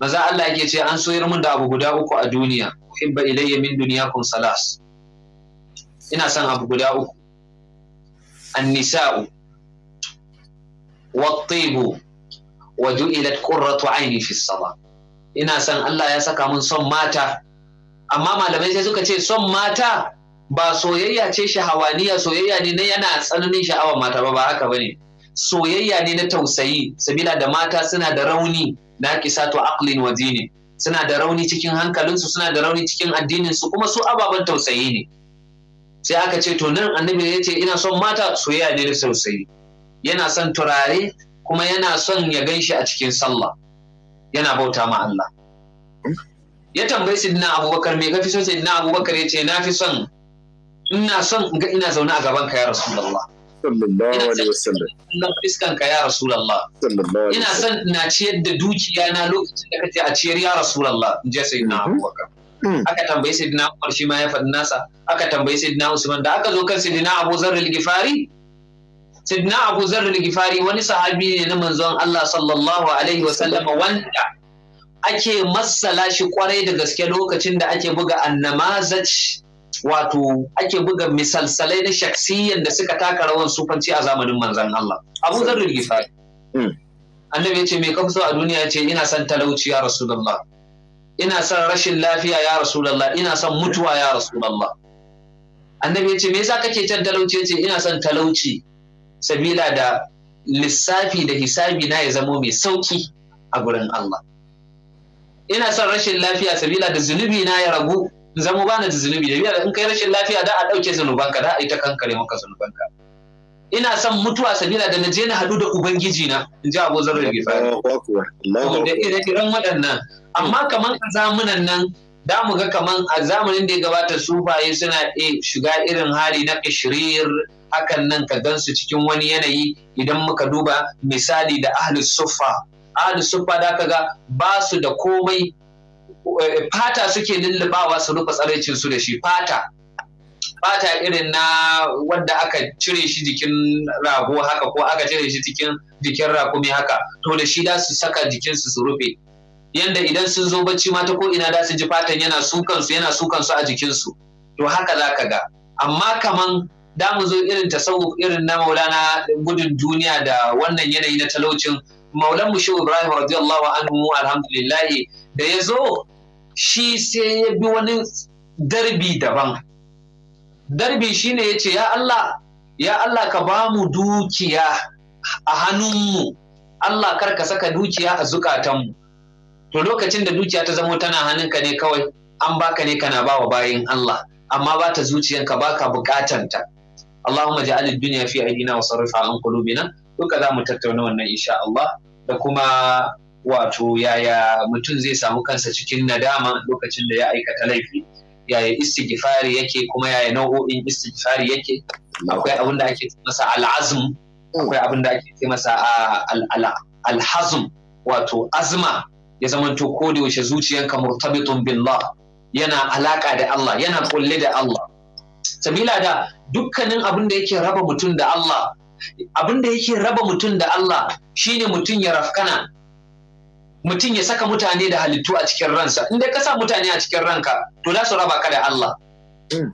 maza Allah yake ce an soyar mun da abu guda uku a duniya uhibba ilayya min dunyakum salas ina son abu guda uku wattibu wa ju'ilat qurratu aini fi sala ina san Allah ya saka mun son mata amma malamai sai suka ce son mata ba soyayya ce shahawaniya soyayya ne na yana tsananin sha'awar mata ba ba haka bane soyayya ne na tausayi sabila da mata suna da rauni na kisatu aqlin wa dini suna da rauni cikin hankalinsu suna da rauni cikin su, kuma su ababen tausayi ne sai aka ce to nan annabi ya ce ina son mata soyayya ne da tausayi yana son turare kuma yana son ya gan shi a cikin sallah yana bauta ma Allah ya tambayi sidina abubakar me kafi son sidina abubakar ya ce na fi son ina son ga ina zaune a gaban ka ya rasulullah sallallahu alaihi wasallam ina ya rasulullah ina son na ciyar da dukiya na lokacin da kace a ciyar ya rasulullah in je sayyidina mhm. abubakar mm. aka tambayi sayyidina umar shi ma ya faɗi nasa aka tambayi sayyidina usman da aka zo kan sayyidina abu zarril gifari sidna abu zarrul gifari wani sahabi ne na manzon Allah sallallahu alaihi wa sallama wanda ake matsala shi kwarai da gaske lokacin da ake buga annamazaj wato ake buga misalsalai na shaksiyan da suka taka rawan sufanci a zamanin manzon Allah abu zarrul gifari hmm. annabi ya ce me ka a duniya ce ina son talauci ya rasulullah ina son rashin lafiya ya rasulullah ina son mutuwa ya rasulullah annabi ya ce me yasa kake can talauci ya ce ina son talauci sabila da lissafi da hisabi na ya zamo mai sauki a gurin Allah ina son rashin lafiya sabila da zunubi na ya ragu zamo bana da zunubi da biyar in kai rashin lafiya da a ɗauke zunubanka da a yi ta kankare maka zunubanka ina son mutuwa sabila da na je na haɗu da ubangiji na in ji abu zarar da gifari da ire-iren waɗannan amma kamar a zamunan nan da mu ga kamar a zamanin da ya gabata sufaye suna eh, shiga irin hali na ƙishirir hakan nan ka gansu cikin wani yanayi idan muka duba misali da ahlus suffa ahlus suffa da kaga ba su da komai eh, fata suke lullubawa su rufe tsaraicin su da shi fata fata irin na wanda aka cire shi jikin rago haka ko aka cire shi cikin jikin rakumi haka to da shi da su saka jikin su su rufe yanda idan sun zo bacci ma ta ko ina da su ji fatan yana sukan su yana sukan su a su to haka za ka ga amma kaman da mu zo irin tasawuf irin na maulana gudun duniya da wannan yanayi na talaucin maulan mu shi ibrahim radiyallahu anhu alhamdulillahi da ya zo shi sai ya bi wani darbi daban darbi shine ya ce ya allah ya allah ka ba mu dukiya a hannunmu allah kar ka saka dukiya a zukatanmu to lokacin da dukiya ta zamo tana hannunka ne kawai an baka ne kana wa bayin allah amma ba ta zuciyanka baka bukatanta Allahumma ja'al ad ya fi aidina wa sarrif an qulubina duka za mu tattauna wannan insha Allah da kuma wato yaya mutum zai samu kansa cikin nadama lokacin da ya aikata laifi yaya istighfari yake kuma yaya nau'o'in istighfari yake akwai abin da ake masa al'azm akwai abin da ake masa alhazm wato azma ya zamanto ko da yaushe zuciyanka murtabitun billah yana alaka da Allah yana kulle da Allah sabila da dukkanin abin da yake raba mutum da Allah abin da yake raba mutum da Allah shine mutum ya rafkana mutum ya saka mutane da halittu a cikin ransa inda ka sa mutane a cikin ranka to za su raba ka da Allah hmm.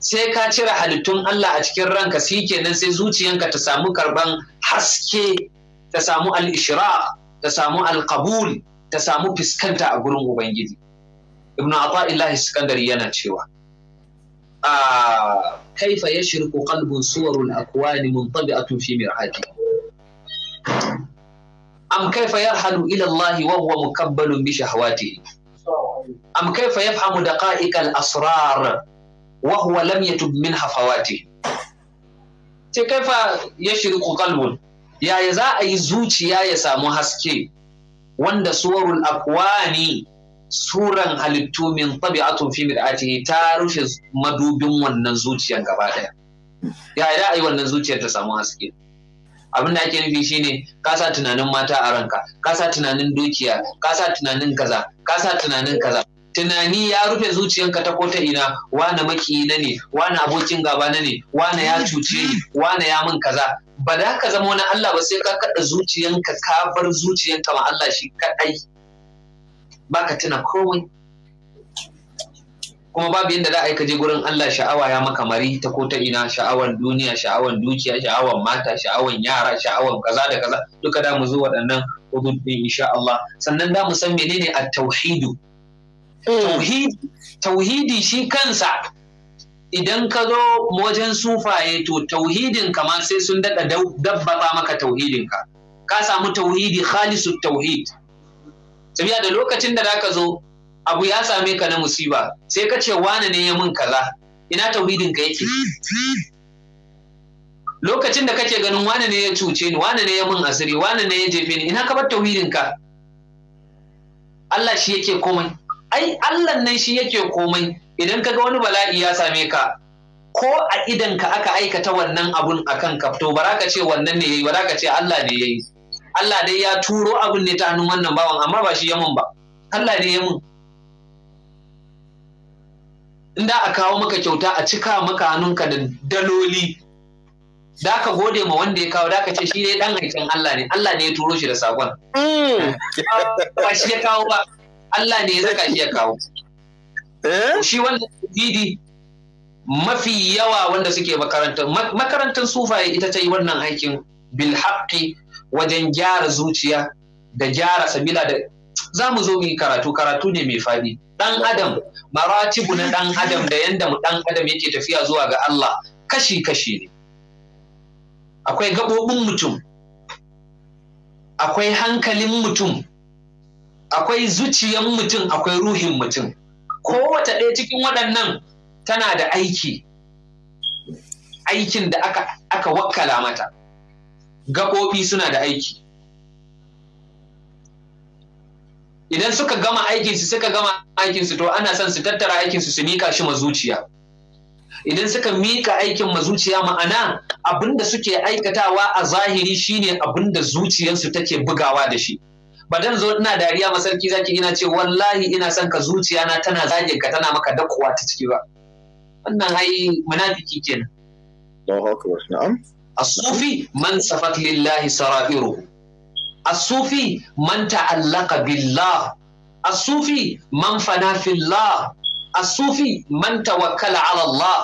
sai ka cire halittun Allah a cikin ranka sai kenan sai zuciyanka ta samu karban haske ta samu al ishra ta samu al-qabul ta samu fiskanta a gurin ubangiji ibnu ata'illahi iskandari yana cewa a kaifa ya shirku kalbin suwarun akwani muntabi'atun fi mirhaqi am kaifa yarhalu ila Allah wa mukabbalun bi shahawati am kaifa yafhamu daqa'iq al-asrar wa huwa lam yatub min hafawati ce kaifa ya shirku kalbin yaya za a yi zuciya ya samu haske wanda suwarun akwani suran halittu min tabi'atun fi mir'atihi ta rufe madubin wannan zuciyar gaba daya ya da ra'ayi wannan zuciyar ta samu haske abin da ake nufi shine ka sa tunanin mata a ranka ka sa tunanin dukiya ka sa tunanin kaza ka sa tunanin kaza tunani ya rufe zuciyanka ta kota ina wane maki na ne wane abokin gaba na ne wane ya cuce ni wane ya min kaza ba da ka zama wani Allah ba sai ka kaɗa zuciyanka ka bar zuciyanka ma Allah shi kaɗai. baka tuna komai kuma babu yadda za a yi ka je gurin Allah sha'awa ya maka mari ta ko ta ina sha'awan duniya sha'awan dukiya sha'awan mata sha'awan yara sha'awan kaza da kaza duka da mu zo waɗannan hudu din insha Allah sannan da mu san menene at-tauhidu tauhidi shi kansa idan ka zo wajen sufaye to tauhidin kama sai sun daɗa dabbaba maka Tauhidinka. ka ka samu tauhidi khalisu tauhid sabiya da lokacin da zaka zo abu ya same ka na musiba sai ka ce wane ne ya mun kaza ina tauhidin ka yake lokacin da kake ganin wane ne ya cuce ni wane ne ya mun asiri wane ne ya jefe ni ina ka bar tauhidin ka Allah shi yake komai ai Allah nan shi yake komai idan ka ga wani bala'i ya same ka ko a idan ka aka aikata wannan abun akan ka? To baraka ka ce wannan ne yayi baraka ka ce Allah ne yayi Allah dai ya turo abin ne ta hannun wannan bawan amma ba shi yamin ba Allah ne yamin in da a kawo maka kyauta a cika maka hannunka da daloli da ka gode ma wanda ya kawo da ka ce shi ne dan aikin Allah ne Allah ne ya turo shi da sakon hmm. ba shi ya kawo ba Allah ne ya saka shi ya kawo eh? shi wannan bidi mafi yawa wanda suke makarantar makarantar sufaye ita ta yi wannan aikin bil haqqi wajen gyara zuciya da gyara sabila da za mu zo mu yi karatu karatu ne mai faɗi ɗan adam maratibu na ɗan adam da yanda mu ɗan adam yake tafiya zuwa ga Allah kashi kashi ne akwai gaɓoɓin mutum akwai hankalin mutum akwai zuciyan mutum akwai ruhin mutum kowace ɗaya cikin waɗannan tana da aiki aikin da aka, aka wakkala mata gaɓoɓi suna da aiki idan suka gama aikinsu suka gama aikinsu to ana son su tattara aikinsu su mika shi ma idan suka mika aikin mazuciya zuciya ma'ana abinda suke aikatawa a zahiri shine abinda zuciyarsu take bugawa da shi ba dan zo ina dariya ma sarki zaki ina ce wallahi ina son ka zuciya na tana zagin ka tana maka dakuwa ta ciki ba wannan ai munafiki kenan Allahu akbar na'am as-sufi man safat lillahi sara'iru as man ta'allaka billa. Asufi man fana fillah as man tawakkala ala Allah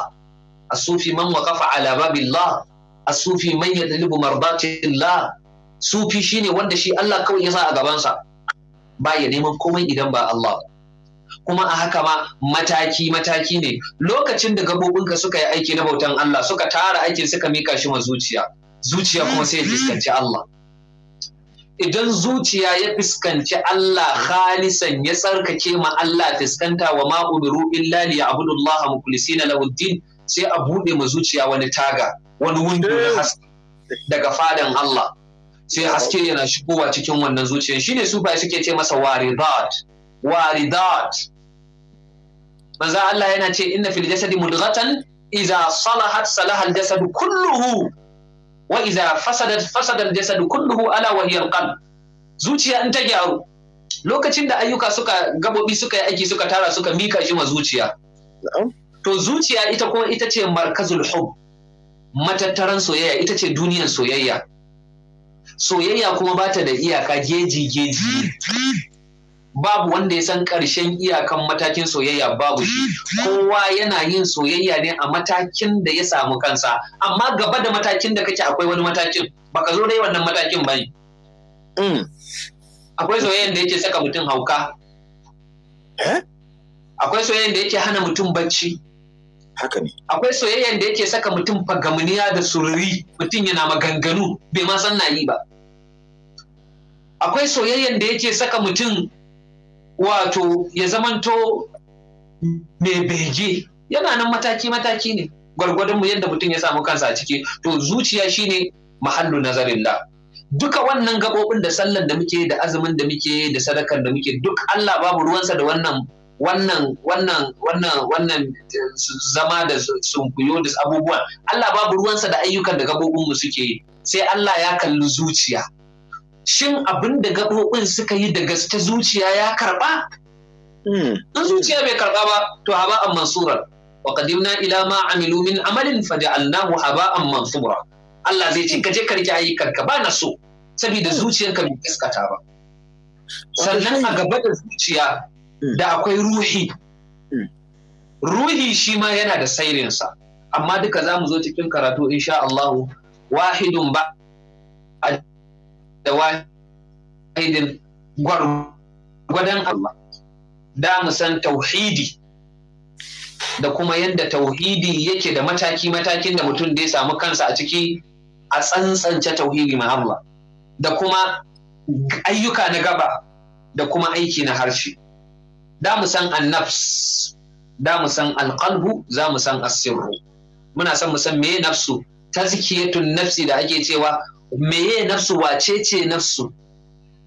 as-sufi man waqafa ala babillah as-sufi man yadlibu mardatillah sufi shine wanda shi Allah kawai ya sa a gabansa ba ya neman komai idan ba Allah kuma a haka ma mataki mataki ne lokacin da gabobinka suka yi aiki na bautan Allah suka tara aikin suka mika shi ma zuciya zuciya kuma sai ya mm-hmm. fuskanci Allah idan zuciya ya fuskanci Allah khalisan ya tsarkake ma Allah fuskanta wa ma umiru illa li ya'budullah mukhlisina lahu sai a bude ma zuciya wani taga wani wundo na mm-hmm. haske daga fadan Allah sai haske yana shigowa cikin wannan zuciyar shine su bai suke ce masa waridat waridat manzo Allah yana ce inna fil jasadi mudghatan idza salahat salaha al jasadu kulluhu wa idza fasadat fasada al jasadu kulluhu ala wa hiya al qalb zuciya in ta gyaru lokacin da ayyuka suka gabobi suka yi aiki suka tara suka mika shi ma zuciya to zuciya ita kuma ita ce markazul hub matattaran soyayya ita ce duniyar soyayya soyayya kuma bata da iyaka geji geji babu wanda ya san ƙarshen iyakan matakin soyayya babu shi kowa yana yin soyayya ne a matakin da ya samu kansa amma gaba da matakin da kake akwai wani matakin baka zo dai wannan matakin ba ne mm. akwai soyayyan da yake saka mutum hauka eh? akwai soyayyan da yake hana mutum bacci haka ne akwai soyayyan da yake saka mutum fagamuniya da sururi mutum yana maganganu bai ma san na yi ba akwai soyayyan da yake saka mutum wato ya zamanto mai bege yana nan mataki-mataki ne gwargwadon mu yadda mutum ya samu kansa a ciki to zuciya shine mahallu nazarin da duka wannan gabobin da sallan da muke da azumin da muke da sadakar da muke duk Allah babu ruwansa da wannan wannan wannan wannan wannan zama da sunkuyo da abubuwan Allah babu ruwansa da ayyukan da gabobin mu suke sai Allah ya kalli zuciya shin abin da gaɓoɓin suka yi da gaske zuciya ya karɓa? Hmm. In zuciya bai karɓa ba, to haba an mansura. Wa qadimna ila ma amilu min amalin allahu haba an mansura. Allah zai ce ka je karki yi karka, ba na so saboda hmm. zuciyarka bai gaskata ba. Sannan a gaba da zuciya hmm. da akwai ruhi. Ruhi shi ma yana da sairinsa. Amma duka za mu zo cikin karatu insha Allahu wahidun ba Da wahidin gwargwadon Allah da mu san tauhidi da kuma yadda tauhidi yake da mataki-matakin da mutum da ya samu kansa a ciki a tsantsance tauhidi ma Allah da kuma ayyuka na gaba da kuma aiki na harshe da mu san annafs da mu san alqalbu za mu san asirru muna son mu san meye nafsu Ta zikiyatun nafsi da ake cewa meye nafsu wace ce nafsu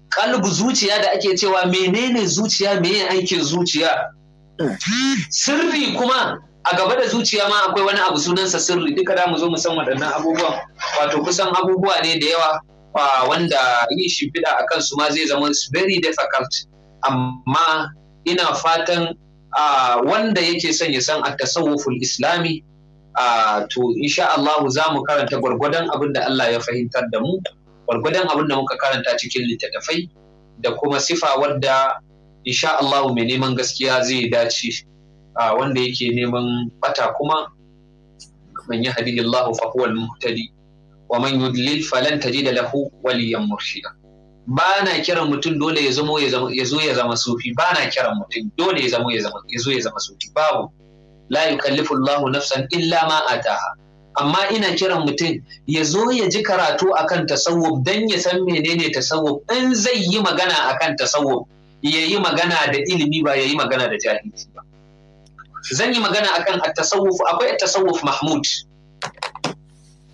kalbu zuciya da ake cewa menene zuciya meye aikin zuciya sirri kuma a gaba da zuciya ma akwai wani abu sunansa sirri duka da mu zo mu san waɗannan abubuwan wato kusan abubuwa ne da yawa wanda yin shimfiɗa a kansu ma zai zama very difficult amma ina fatan ah, wanda yake son ya san a tasawuful islami to insha Allah za mu karanta gwargwadon abin da Allah ya fahimtar da mu gwargwadon abin da muka karanta cikin littattafai da kuma sifa wadda insha Allah mai neman gaskiya zai dace A wanda yake neman bata kuma man yahdihillahu fa huwal muhtadi wa man yudlil falan da lahu waliyan murshida ba na kiran mutum dole ya zama zama sufi ba na kiran mutum dole ya zama sufi babu la yukallifu Allahu nafsan illa ma ataha amma ina kiran mutum ya zo ya ji karatu akan tasawuf dan ya san menene tasawuf in zai yi magana akan tasawuf ya yi magana da ilimi ba ya yi magana da jahilci ba zan yi magana akan at-tasawuf akwai at-tasawuf mahmud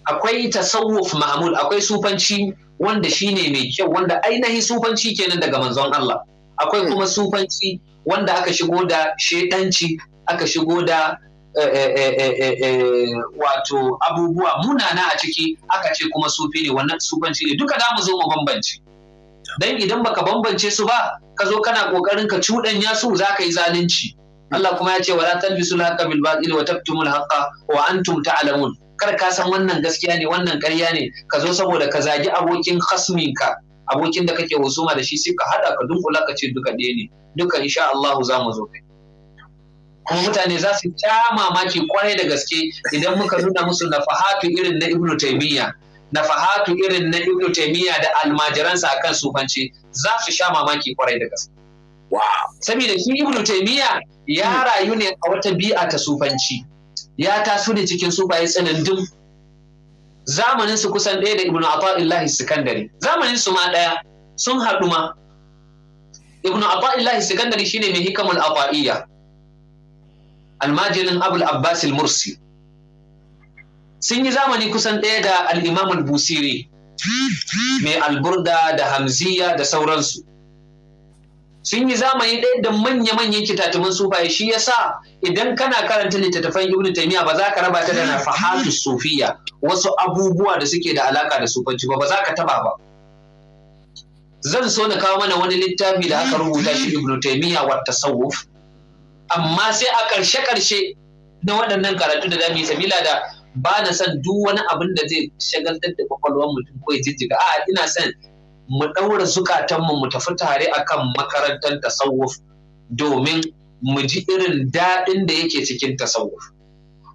akwai tasawuf mahmud akwai sufanci wanda shine mai kyau wanda ainihin sufanci kenan daga manzon Allah akwai kuma sufanci wanda aka shigo da shedanci aka shigo da eh, eh, eh, wato abubuwa munana a ciki aka ce kuma sufi ne wannan sufanci ne duka za mu zo mu bambance dan idan baka bambance su ba ka zo kana kokarin ka cuɗanya su za ka yi zalunci Allah kuma ya ce wala talbisul haqqa bil batil wa taktumul haqa wa antum ta'lamun kar ka san wannan gaskiya ne wannan ƙarya ne ka zo saboda ka zagi abokin khasminka abokin da kake husuma da shi sai ka hada ka dunkula ka ce duka ɗaya ne duka insha Allah za mu zo kai kuma mutane za su ta mamaki kwarai da gaske idan muka nuna musu nafahatu irin na ibnu taimiyya nafahatu irin na ibnu taimiyya da almajiransa akan sufanci za su sha mamaki kwarai da gaske saboda shi ibnu taimiyya ya hmm. rayu ne a wata bi'a ta sufanci ya taso ne cikin sufaye tsanandun zamanin su kusan ɗaya da ibnu ata'illahi sikandari zamanin su ma ɗaya sun haɗu ma ibnu ata'illahi sikandari shine mai hikamul ata'iyya almajirin abul abbas mursi sun yi zamani kusan ɗaya da al busiri mai alburda da hamziya da sauransu sun yi zamani ɗaya da manya-manyan kitatumin sufaye shi ya sa idan kana karanta littattafan ibnu taymiya ba za ka raba ta da nafahatu sufiya wasu abubuwa da suke da alaka da sufanci ba ba za ka taba ba zan so na kawo mana wani littafi da aka rubuta shi ibn taimiyya wa tasawuf amma sai a ƙarshe-ƙarshe na waɗannan karatu da zamu yi sabila da ba na son duk wani abin da zai shagaltar da kwakwalwar mutum ko ya jijjiga a ina son mu ɗaura zukatanmu mu tafi tare akan makarantar tasawuf domin mu ji irin daɗin da yake cikin tasawuf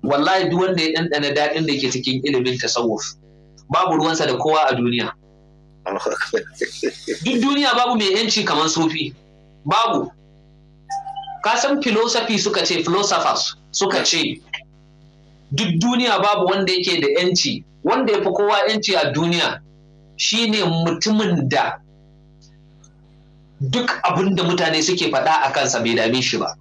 wallahi duk wanda ya ɗanɗana daɗin da yake cikin ilimin tasawuf babu ruwansa da kowa a duniya duk duniya babu mai yanci kamar sufi babu ka san philosophy suka ce philosophers suka ce duk duniya babu wanda yake da yanci wanda ya fi kowa yanci a duniya shine mutumin da duk abin da mutane suke faɗa a kansa bai dame shi ba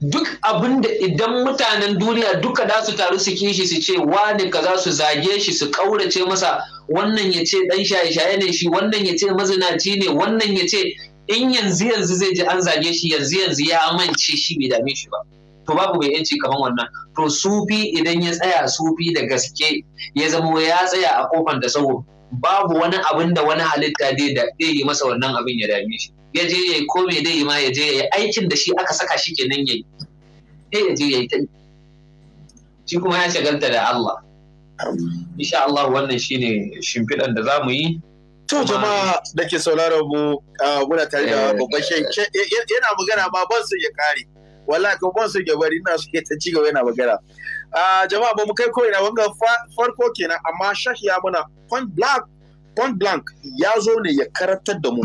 duk abin da idan mutanen duniya duka da su taru su kishi su ce wani kaza su zage shi su kaurace masa wannan ya ce dan shaye shaye ne shi wannan ya ce mazinaci ne wannan ya ce in yanzu yanzu zai ji an zage shi yanzu yanzu ya mance shi bai dame shi ba to babu mai yanci kamar wannan to sufi idan ya tsaya sufi da gaske ya zama ya tsaya a kofar da sabo babu wani abin da wani halitta dai da zai yi masa wannan abin ya dame shi ya je ya yi ko me dai ma ya je ya yi aikin da shi aka saka shi kenan ya yi sai ya je ya yi ta shi kuma ya shagalta da Allah insha Allah wannan shine shimfiɗan da za mu yi To jama'a da ke sauraro mu muna tare da eh. babban yana magana ma ban sun ya kare. Wallahi ko ban sun ya bari ina suke ta ci gaba yana magana. Jama'a ba mu kai ko ina wanga farko kenan amma shah ya muna point blank point blank ya zo ne ya karantar da mu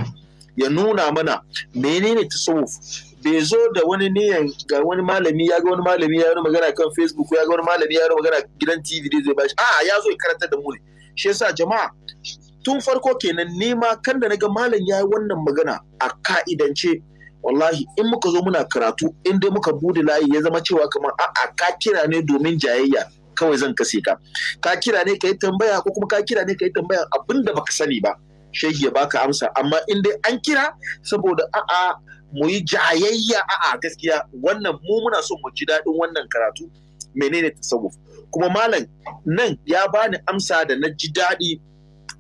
ya nuna mana menene tasawuf bai zo da wani niyan ga wani malami ya ga wani malami ya yi magana kan facebook ya ga wani malami ya yi magana gidan tv dai zai bashi a ya zo ya karantar da mu ne shi yasa jama'a tun farko kenan nema kan da naga malam ya yi wannan magana a ka'idance wallahi in muka zo muna karatu in dai muka bude layi ya zama cewa kamar a'a ka kira ne domin jayayya kawai zan kase ka ka kira ne ka yi tambaya ko kuma ka kira ne ka yi tambaya abin da baka sani ba shehi ya baka amsa amma in dai an kira saboda a'a mu yi jayayya a'a gaskiya wannan mu muna son mu ji daɗin wannan karatu menene tasawuf kuma malam nan ya bani amsa da na ji daɗi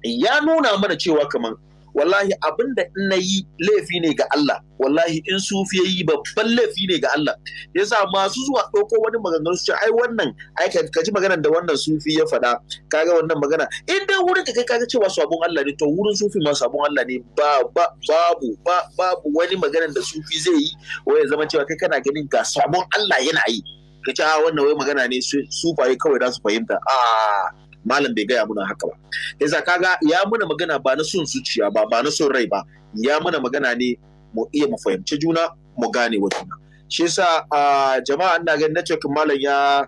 ya nuna mana cewa kaman wallahi abin da in yi laifi ne ga Allah wallahi in sufi yi babban laifi ne ga Allah yasa masu zuwa ɗauko wani maganganu su ce ai wannan ai ka ji maganar da wannan sufi ya faɗa kaga wannan magana in dai wurin ka kai kaga cewa sabon Allah ne to wurin sufi ma sabon Allah ne ba ba babu ba babu wani maganar da sufi zai yi waye ya zama cewa kai kana ganin ga sabon Allah yana yi ka ce ah, wannan wai magana ne su sufaye kawai za su fahimta a ah, malam bai gaya muna haka ba yasa kaga ya muna magana ba na son zuciya ba ba na son rai ba ya muna magana ne mu iya mu fahimci juna mu gane wa juna shi yasa a jama'a ina ganin network malam ya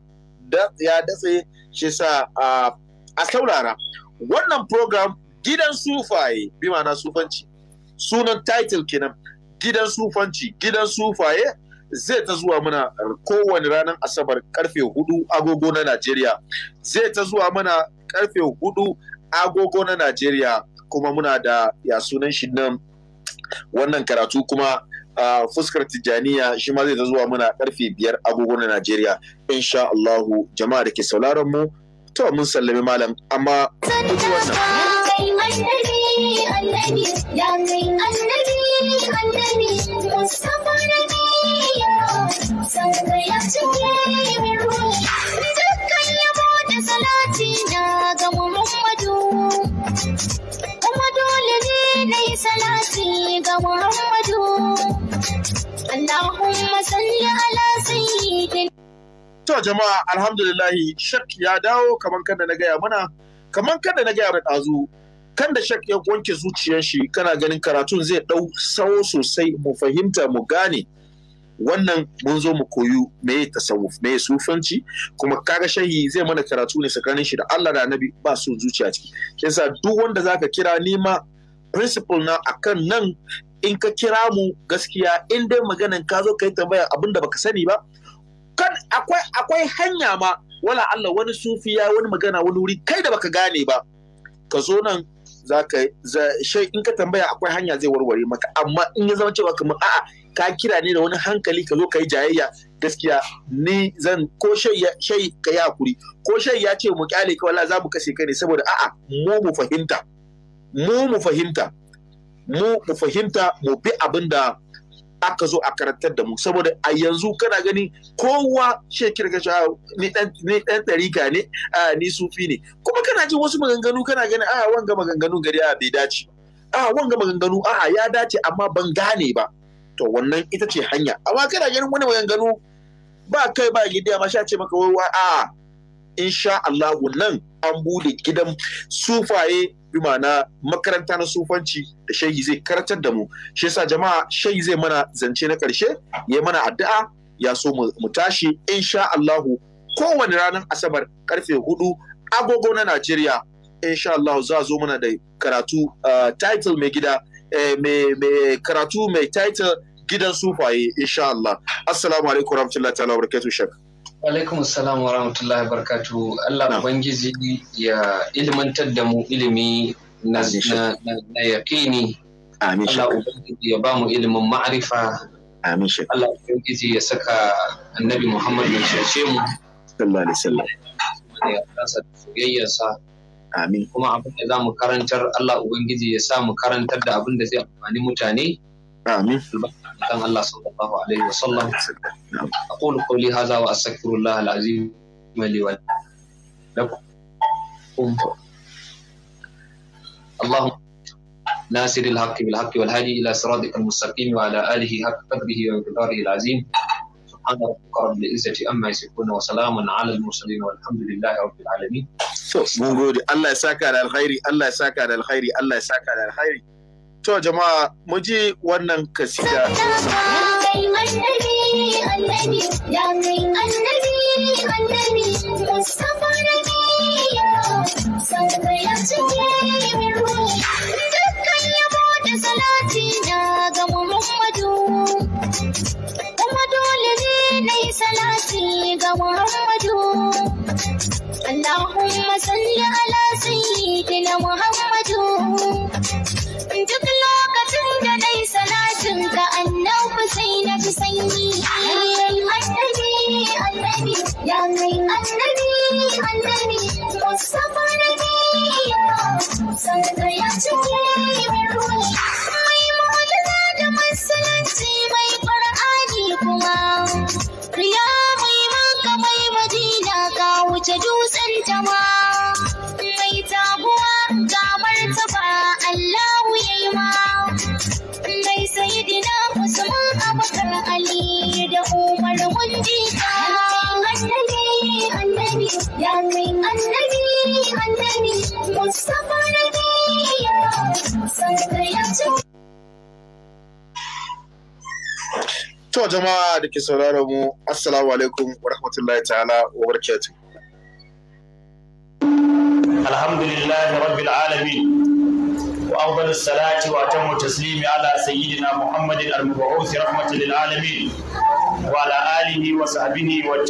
ya datse shi yasa a saurara wannan program gidan sufaye bi ma'ana sufanci sunan title kenan gidan sufanci gidan sufaye zai ta zuwa mana kowane ranar asabar karfe hudu agogo na Najeriya zai ta zuwa mana karfe hudu agogo na Najeriya kuma muna da ya sunan shi nan wannan karatu kuma fuskar tijjaniya shi ma zai ta zuwa muna karfe biyar agogo na Najeriya insha Allahu jama'a da ke sauraron mu to mun sallami malam amma wannan annabi annabi, annabi, annabi annabi annabi, annabi sarraya cike min ruhi dukkan yabo da salati na ga Muhammadu kuma dole ne na yi salati ga Muhammadu Allahumma salli ala sayyidina To jama'a alhamdulillahi shak ya dawo kaman kada na gaya mana kaman kada na gaya mana ɗazu kanda da shak ya wanke zuciyar shi kana ganin karatun zai ɗau sawo sosai mu fahimta mu gane wannan mun zo mu koyu me tasawuf me sufanci kuma kaga shahi zai mana karatu ne tsakanin shi da Allah da Annabi ba su zuciya ciki yasa duk wanda zaka kira nima principle na akan nan in ka kira mu gaskiya in dai maganan ka zo ka yi tambaya abinda da baka sani ba kan akwai akwai hanya ma wala Allah wani sufiya wani magana wani wuri kai da baka gane ba ka zo nan za ka shai in ka tambaya akwai hanya zai warware maka amma in ya zama cewa kamar a'a ka kira ne da wani hankali ka zo ka yi jayayya gaskiya ni zan ko shai ka yi hakuri ko shai ya ce mu kyale ka wala za mu kashe ka ne saboda a'a mu mu fahimta mu mu fahimta mu mu fahimta mu bi abin da aka zo a karantar da mu saboda a yanzu kana gani kowa shekir kirga sha ni dan ɗarika ne a ni sufi ne kuma kana ji wasu maganganu kana gani a wanga maganganu gari a bai dace a wanga maganganu a ya dace amma ban gane ba to wannan ita ce hanya amma kana ganin wani maganganu ba kai ba gidi amma sha ce maka wai a insha Allah nan an bude gidan sufaye bi ma'ana makaranta na sufanci da shayi zai karatar da mu shi yasa jama'a shayi zai mana zance na karshe ya mana addu'a ya so mu tashi insha Allahu kowane ranar asabar karfe hudu agogo na Najeriya insha Allah za zo mana da karatu eh, title mai gida eh, mai karatu mai title gidan sufaye insha Allah assalamu alaikum warahmatullahi ta'ala barakatuh alaikum salam wa rahmatullahi barkatu Allah Ubangiji ya ilmantar da mu ilimi na yaƙini Allah Ubangiji ya ba mu ilimin ma'arifa Allah Ubangiji ya saka annabi Muhammad ya cece mu sallallahu alaihi wasallam ya kasa soyayyarsa amin kuma abin da zamu karantar Allah Ubangiji ya sa mu karantar da abin da zai amfani mutane amin كان الله صلى الله عليه وسلم أقول قولي هذا وأستغفر الله العظيم لي ولكم اللهم ناصر الحق بالحق والهادي إلى صراطك المستقيم وعلى آله حق قدره وقداره العظيم سبحان ربك رب العزة أما يصفون وسلام على المرسلين والحمد لله رب العالمين. الله mun على الخير الله saka على الخير الله ya على الخير To jama'a mu ji wannan kasida. Dukkan ya bada salati na ga Muhammadu. Kuma dole ne na yi ga Muhammadu. Allahumma salli ala sayyidina Muhammadu. duk lokacin da dai salatin ka annabi sai na fi sanyi annabi annabi ya kai annabi annabi mustafa nabi sanka ya cike min ruhi mai mu'adala da masalanci mai qur'ani kuma riya mai maka mai madina ka wuce dutsen jama'a mai taguwa ga martaba Allah shima mai sayidina usman abakar ali da umar hundika annabi annabi ya kai annabi annabi mustafa nabiya sanda ya ce To jama'a da ke sauraron mu, Assalamu alaikum wa rahmatullahi ta'ala wa barakatuh. Alhamdulillahi rabbil alamin. وأفضل الصلاة وأتم التسليم على سيدنا محمد المبعوث رحمة للعالمين وعلى آله وصحبه والتابعين